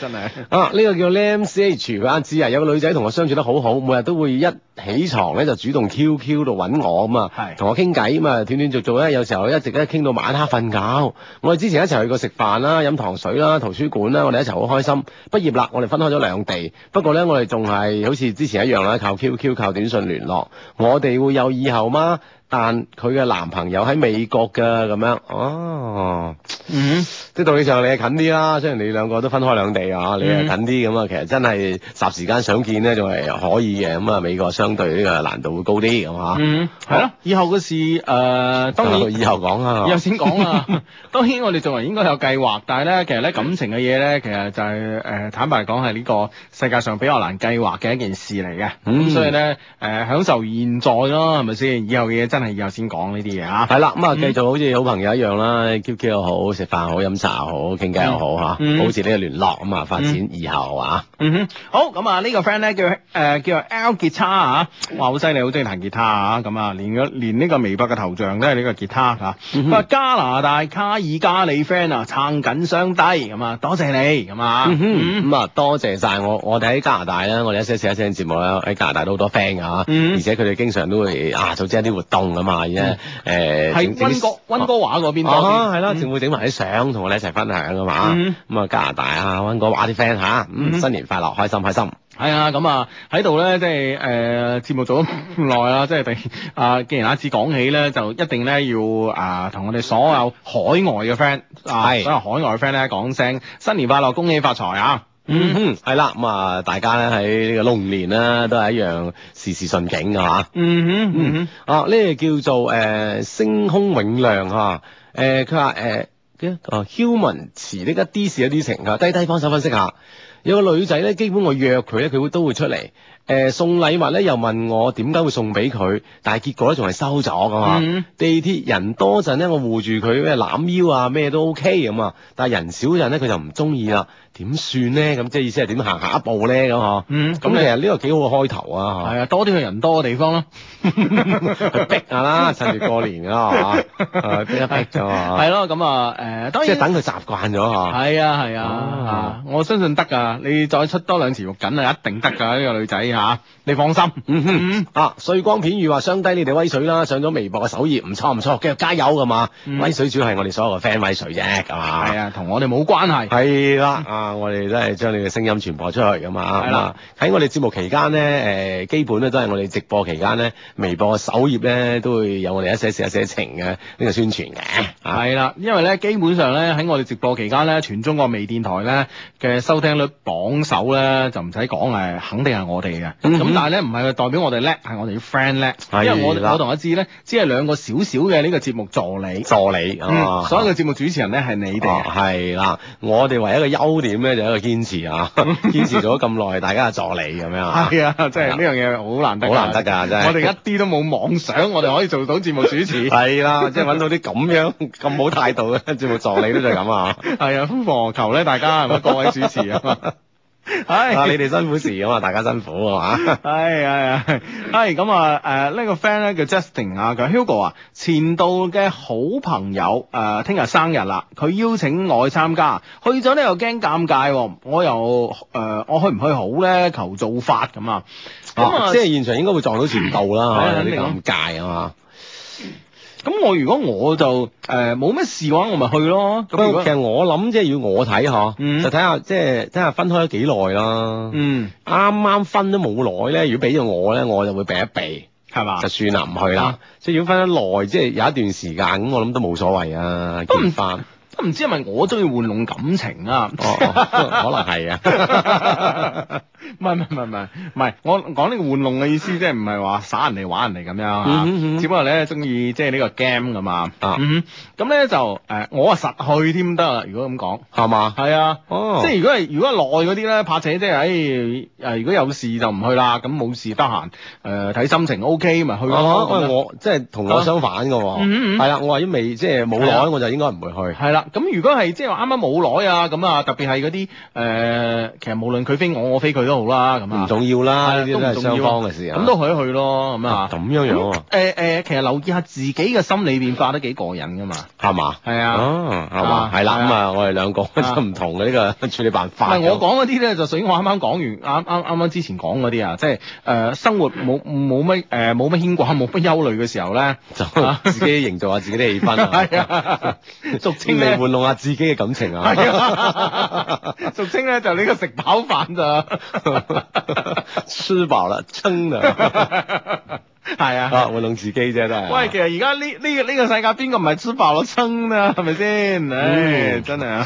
真係， *laughs* 啊！呢個叫 Lam C H 啊，知啊？有個女仔同我相處得好好，每日都會一起床咧就主動 QQ 度揾我咁啊，同是我傾偈咁嘛，斷斷續續咧，有時候一直咧傾到晚黑瞓覺。我哋之前一齊去過食飯啦、飲糖水啦、圖書館啦，我哋一齊好開心。畢業啦，我哋分開咗兩地，不過咧我哋仲係好似之前一樣啦，靠 QQ 靠短信聯絡。我哋會有以後嗎？但佢嘅男朋友喺美國㗎咁樣，哦，嗯，即道理上你係近啲啦，雖然你兩個都分開兩地啊，你係近啲咁啊，其實真係霎時間想見咧，仲係可以嘅，咁啊美國相對呢個難度會高啲，係嘛？嗯，係咯，以後嘅事，誒當然以後講啊，以後先講啊，當然我哋作為應該有計劃，但係咧其實咧感情嘅嘢咧，其實就係誒坦白講係呢個世界上比較難計劃嘅一件事嚟嘅，咁所以咧誒享受現在咯，係咪先？以後嘅嘢真係以後先講呢啲嘢啊，係啦，咁、嗯、啊，嗯、繼續好似好朋友一樣啦，QQ 又好，食飯好，飲茶又好，傾偈又好嚇，嗯、保持呢個聯絡咁啊，發展以後啊。嗯，嗯哼，好咁啊，呢個 friend 咧叫誒、呃、叫 L *laughs* 吉他啊，哇，好犀利，好中意彈吉他啊。咁、嗯、啊，連佢連呢個微博嘅頭像都係呢個吉他嚇。咁啊，嗯、哼加拿大卡爾加里 friend 啊，撐緊雙低咁啊，多謝你咁啊，咁啊、嗯嗯嗯嗯，多謝晒我我哋喺加拿大啦，我哋一些事一些情嘅節目咧喺加拿大都好多 friend 啊。嗯、哼而且佢哋經常都會啊組織一啲活動。嗯、啊嘛，而家誒，溫哥溫哥華嗰邊係啦，仲會整埋啲相同我哋一齊分享、嗯、啊嘛，咁啊加拿大啊溫哥華啲 friend 嚇，嗯，嗯新年快樂，開心開心。係啊，咁啊喺度咧，即係誒節目做咁耐啊。 *laughs* 即係第啊，既然阿志講起咧，就一定咧要啊同我哋所有海外嘅 friend，係、 *laughs* 啊，所有海外嘅 friend 咧講聲新年快樂，恭喜發財啊！嗯哼，係啦，咁啊，大家咧喺呢個龍年啦，都係一樣事事順景嘅嘛。嗯哼，嗯哼，哦、嗯，呢、啊這個叫做誒、呃、星空永亮嚇。誒、呃，佢話誒，m a n 遲的一啲事一啲情嚇，低低幫手分析下。有個女仔咧，基本我約佢咧，佢會都會出嚟。誒、呃，送禮物咧，又問我點解會送俾佢，但係結果咧，仲係收咗嘅嘛。地鐵人多陣咧，我護住佢咩攬腰啊，咩都 OK 咁啊。但係人少陣咧，佢就唔中意啦。點算咧？咁即係意思係點行下一步咧？咁嗬。咁其實呢個幾好嘅開頭啊。係啊，多啲去人多嘅地方咯，去逼下啦。趁住過年咯，係逼一逼啫嘛。係咯，咁啊誒，當然即係等佢習慣咗嚇。係啊係啊，我相信得㗎。你再出多兩條肉緊啊，一定得㗎呢個女仔嚇。你放心，啊，碎光片語話傷低你哋威水啦。上咗微博嘅首頁，唔錯唔錯，繼續加油㗎嘛。威水主要係我哋所有嘅 fan 威水啫，係嘛？係啊，同我哋冇關係。係啦。我哋都係將你嘅聲音傳播出去噶嘛啊！喺的我哋節目期間咧，誒基本咧都係我哋直播期間咧，微博嘅首頁咧都會有我哋一些事一些情嘅呢個宣傳嘅。係、啊、啦，因為咧基本上咧喺我哋直播期間咧，全中國微電台咧嘅收聽率榜首咧就唔使講誒，肯定係我哋嘅。咁、嗯、但係咧唔係代表我哋叻，係的我哋啲 friend 叻。因為我的我同阿芝咧，只係兩個小小嘅呢個節目助理。助理、啊嗯、所有嘅節目主持人咧係你哋。係啦、啊啊，我哋唯一一個優點。咁咧就一個堅持啊！堅持咗咁耐，大家助理咁樣啊！係 *noise* *noise* 啊，真係呢樣嘢好難得，好難得㗎！真係，我哋、 *noise* *noise* *noise* 啊就是、一啲都冇妄想，我哋可以做到節目主持。係啦，即係揾到啲咁樣咁好態度嘅節目助理都就係咁啊！係啊，望求咧，大家係咪各位主持啊嘛？ *noise* *noise* 唉，你哋辛苦事咁啊，大家辛苦啊嘛。係係係，係咁啊，誒，呢個 friend 咧叫 Justin 啊，佢 Hugo 啊，前度嘅好朋友，誒，聽日生日啦，佢邀請我去參加，去咗呢又驚尷尬，我又誒，我去唔去好咧？求做法咁啊。哦，即係現場應該會撞到前度啦，有啲尷尬啊嘛。咁我如果我就誒冇乜事嘅話，我咪去咯。不過其實我諗即係要我睇下，嗯，就睇下即係睇下分開咗幾耐啦。嗯，啱啱分都冇耐咧，如果俾咗我咧，我就會避一避，係嘛？嗯？就算啦，唔去啦。即係如果分得耐，即係有一段時間，咁我諗都冇所謂啊。都唔翻。唔知係咪我中意玩弄感情啊？哦，可能係啊。唔係唔係唔係唔係，我講呢個玩弄嘅意思，即係唔係話耍人哋玩人哋咁樣，只不過咧，中意即係呢個 game 咁嘛。咁咧就誒，我實去添得啊。如果咁講，係嘛？係啊。哦。即係如果係如果耐嗰啲咧，怕且即係，誒，如果有事就唔去啦。咁冇事得閒，誒，睇心情 OK 咪去咯。餵我即係同我相反嘅喎。係啦，我話啲未即係冇耐，我就應該唔會去。係啦。咁如果係即係話啱啱冇耐啊，咁啊特別係嗰啲誒，其實無論佢飛我，我飛佢都好啦，咁啊唔重要啦，呢啲都係雙方嘅事啊，咁都可以去咯，咁啊咁樣樣啊，誒誒，其實留意下自己嘅心理變化都幾過癮噶嘛，係嘛？係啊，係嘛？係啦，咁啊，我哋兩個就唔同嘅呢個處理辦法。唔係我講嗰啲咧，就屬於我啱啱講完，啱啱啱啱之前講嗰啲啊，即係誒生活冇冇咩誒冇咩牽掛，冇乜憂慮嘅時候咧，就自己營造下自己啲氣氛，足跡你。玩弄下自己嘅感情啊！俗稱咧就呢、是、個食飽飯咋，食 *laughs* *laughs* 飽啦了，撐啦。係啊，啊，我弄自己啫都係。真喂，其實而家呢呢呢個世界邊個唔係吹爆落生啊？係咪先？唉，真係，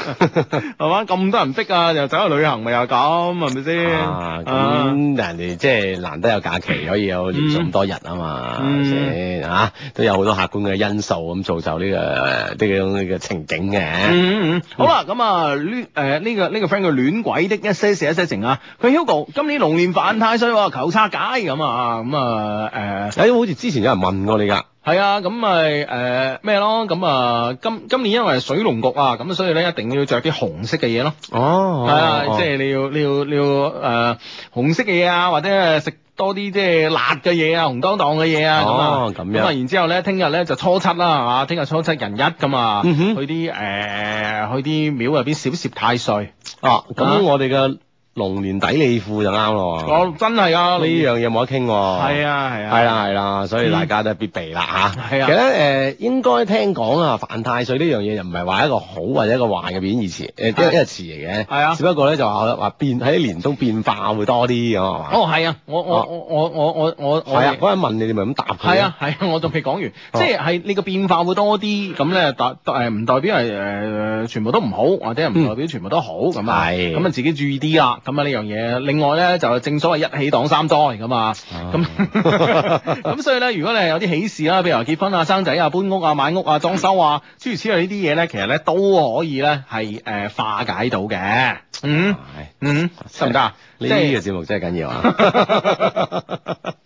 係嘛、嗯？咁 *laughs* 多人逼啊，又走去旅行，咪又咁係咪先？咁、啊、人哋即係難得有假期，可以有連住咁多日啊嘛，先吓、嗯啊、都有好多客觀嘅因素咁造就呢、這個呢種呢個情景嘅。嗯嗯 *laughs* 好啦，咁啊，戀誒呢個呢、這個 friend 叫戀鬼的一些事一些情啊，佢 Hugo 今年龍年犯太歲，求差解咁啊，咁啊誒。啊呃呃呃嗯誒、哎、好似之前有人問過你㗎，係啊，咁咪誒咩咯？咁、嗯、啊，今今年因為水龍局啊，咁所以咧一定要着啲紅色嘅嘢咯。哦，係啊，即、就、係、是、你要、哦、你要你要誒、呃、紅色嘅嘢啊，或者食多啲即係辣嘅嘢啊，紅當當嘅嘢啊咁啊。哦，咁樣。咁啊、嗯，然之後咧，聽日咧就初七啦，係嘛？聽日初七人一咁啊、嗯哼呃，去啲誒去啲廟入邊小攝太歲。哦，咁我哋嘅。嗯龍年底你褲就啱咯，我真係啊，呢樣嘢冇得傾，係啊係啊，係啦係啦，所以大家都係必備啦嚇。其實誒應該聽講啊，犯太歲呢樣嘢又唔係話一個好或者一個壞嘅貶義詞，誒一一個詞嚟嘅。係啊，只不過咧就話話變喺年中變化會多啲啊嘛。哦係啊，我我我我我我係啊，嗰陣問你哋咪咁答。係啊係啊，我仲未講完，即係你個變化會多啲，咁咧代誒唔代表係誒全部都唔好，或者唔代表全部都好咁啊。係，咁啊自己注意啲啊。咁啊呢樣嘢，另外咧就正所謂一喜擋三災嚟噶嘛，咁咁、啊、 *laughs* 所以咧，如果你有啲喜事啦，譬如話結婚啊、生仔啊、搬屋啊、買屋啊、裝修啊，諸如此類呢啲嘢咧，其實咧都可以咧係誒化解到嘅，啊、嗯，嗯，得唔得啊？你呢個節目是真係緊要啊！ *laughs*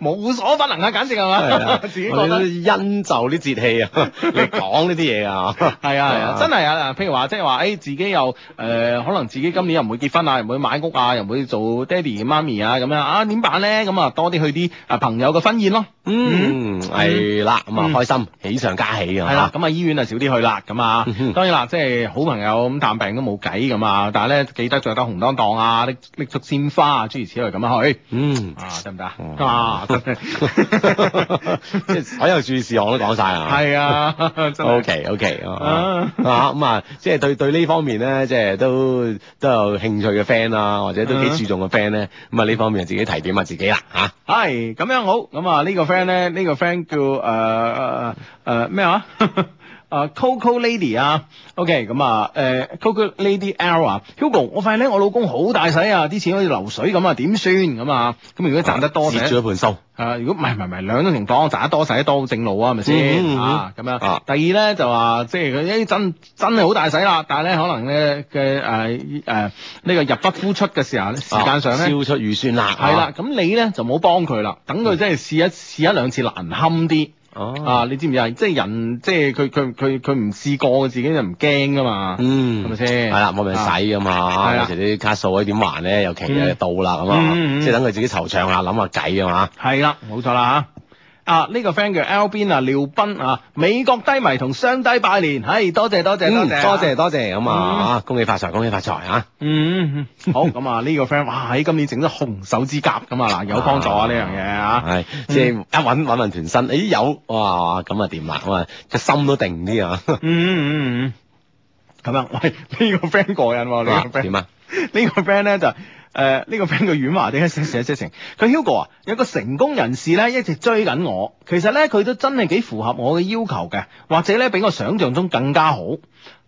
冇所不能啊，簡直係嘛！自己覺得因就啲節氣啊，你講呢啲嘢啊，係啊係啊，真係啊，譬如話即係話，誒自己又誒可能自己今年又唔會結婚啊，又唔會買屋啊，又唔會做爹哋媽咪啊咁樣啊，點辦咧？咁啊多啲去啲啊朋友嘅婚宴咯，嗯係啦，咁啊開心喜上加喜啊，係啦，咁啊醫院啊少啲去啦，咁啊當然啦，即係好朋友咁探病都冇計咁啊，但係咧記得着得紅當當啊，拎拎束鮮花啊，諸如此類咁樣去，嗯啊得唔得啊？啊！即係所有注視我都講晒啦。係啊。OK OK。啊咁啊，即係對對呢方面咧，即係都都有興趣嘅 friend 啊，或者都幾注重嘅 friend 咧，咁啊呢方面自己提點下自己啦嚇。係、啊、咁樣好。咁、這個呃呃呃、啊呢個 friend 咧，呢個 friend 叫誒誒誒咩話？啊、uh,，Coco Lady 啊，OK，咁啊、uh,，誒，Coco Lady l 啊 a Hugo，我發現咧，我老公好大使啊，啲錢好似流水咁啊，點算咁啊？咁如果賺得多，蝕住、啊、一盤收，啊，如果唔係唔係兩種情況，賺得多使得多正路啊，係咪先啊？咁樣、嗯。第二咧就話，即係佢一真真係好大使啦、啊，但係咧可能咧嘅誒誒呢、呃呃這個入不敷出嘅時候，時間上咧超、啊、出預算啦，係啦、啊，咁你咧就唔好幫佢啦，等佢真係試一試一兩次難堪啲。嗯哦，oh. 啊，你知唔知啊？即係人，即係佢佢佢佢唔試過自己就唔驚噶嘛。嗯，係咪先？係啦，冇咪使噶嘛。有時啲卡數嗰啲點還咧？尤其又到啦咁啊，即係等佢自己惆悵下，諗下計啊嘛。係啦，冇錯啦吓。啊！呢個 friend 叫 L 斌啊，廖斌啊，美國低迷同雙低拜年，唉，多謝多謝多謝多謝多謝咁啊，恭喜發財恭喜發財啊！嗯，好咁啊，呢個 friend 哇喺今年整咗紅手指甲咁啊，嗱有幫助啊呢樣嘢啊，係即係一搵搵勻全身，哎有哇咁啊掂啦，咁啊只心都定啲啊！嗯嗯嗯，咁啊，喂，呢個 friend 過癮你點啊？呢個 friend 咧就。誒呢、呃這個 friend 叫婉華，點解成日寫情？佢 Hugo 啊，有個成功人士咧，一直追緊我。其實咧，佢都真係幾符合我嘅要求嘅，或者咧比我想象中更加好。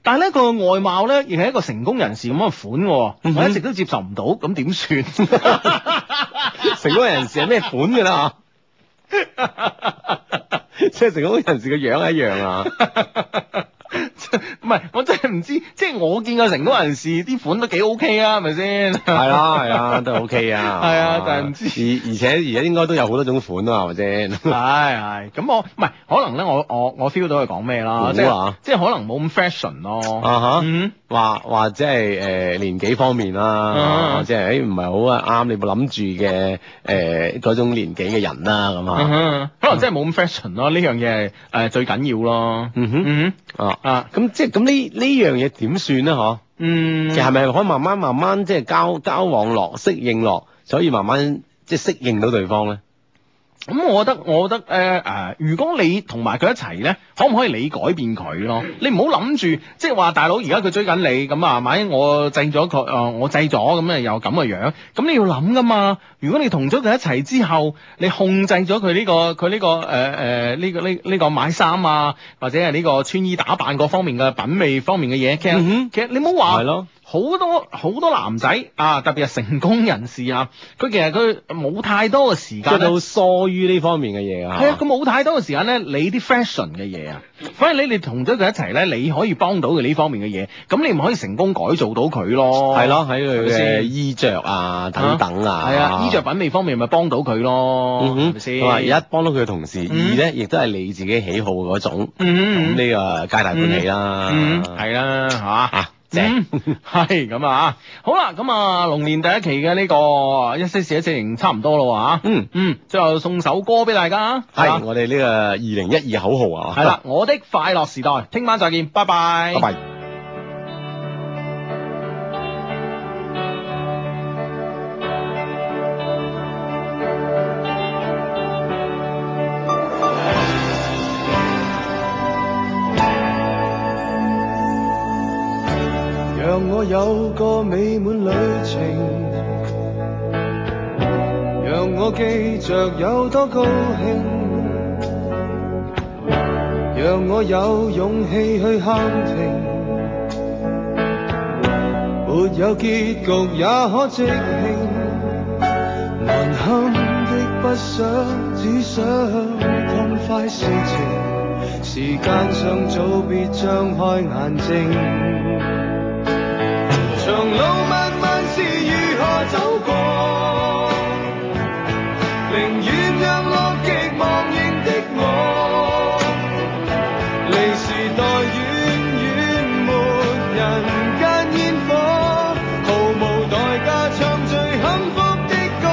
但係咧，佢嘅外貌咧，亦係一個成功人士咁嘅款喎、哦，嗯嗯我一直都接受唔到，咁點算？ *laughs* *laughs* 成功人士係咩款嘅啦？嚇，即係成功人士嘅樣係一樣啊！ *laughs* *laughs* 唔係， *laughs* 我真係唔知，即係我見過成功人士啲款都幾 OK *laughs* *laughs* 啊，係咪先？係啊，係啦，都 OK 啊。係啊，但係唔知。而而且而家應該都有好多種款啊，係咪先？係係，咁我唔係，可能咧，我我我 feel 到佢講咩啦，即係即係可能冇咁 fashion 咯，啊嚇，或或者係誒年紀方面啦，即係誒唔係好啱你冇諗住嘅誒嗰種年紀嘅人啦咁啊。可能真係冇咁 fashion 咯，呢樣嘢係誒最緊要咯。嗯啊啊咁。即係咁呢呢樣嘢點算咧？嗬，嗯，係咪、嗯、可以慢慢慢慢即係交交往落、適應落，所以慢慢即係適應到對方咧？咁、嗯，我覺得，我覺得，誒、呃、誒，如果你同埋佢一齊咧，可唔可以你改變佢咯？你唔好諗住，即係話大佬而家佢追緊你咁啊，咪我制咗佢，誒、呃，我制咗咁咧又咁嘅樣，樣。咁你要諗噶嘛？如果你同咗佢一齊之後，你控制咗佢呢個佢呢、這個誒誒呢個呢呢、這個、這個這個這個這個、買衫啊，或者係呢個穿衣打扮各方面嘅品味方面嘅嘢，其實、嗯、哼其實你唔好話。好多好多男仔啊，特別係成功人士啊，佢其實佢冇太多嘅時間，做到疏於呢方面嘅嘢啊。係啊，佢冇太多嘅時間咧，你啲 fashion 嘅嘢啊，反而你哋同咗佢一齊咧，你可以幫到佢呢方面嘅嘢，咁你唔可以成功改造到佢咯。係咯，喺佢嘅衣着啊等等啊，係啊，衣着品味方面咪幫到佢咯，係咪一幫到佢嘅同時，二咧亦都係你自己喜好嗰種，咁呢個皆大歡喜啦，係啦，係嗯，係咁 *laughs* 啊，好啦，咁啊，龍年第一期嘅呢個一四四一四零差唔多啦喎、啊，嗯嗯，最後送首歌俾大家、啊，係是、啊、我哋呢個二零一二口號啊，係 *laughs* 啦，我的快樂時代，聽晚再見，拜拜，拜拜。有個美滿旅程，讓我記着有多高興，讓我有勇氣去喊停，沒有結局也可即興。難堪的不想，只想痛快事情。時間尚早，別張開眼睛。寧願讓樂極忘形的我，離時代遠遠沒人間煙火，毫無代價唱最幸福的歌。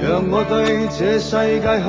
*music* 讓我對這世界好。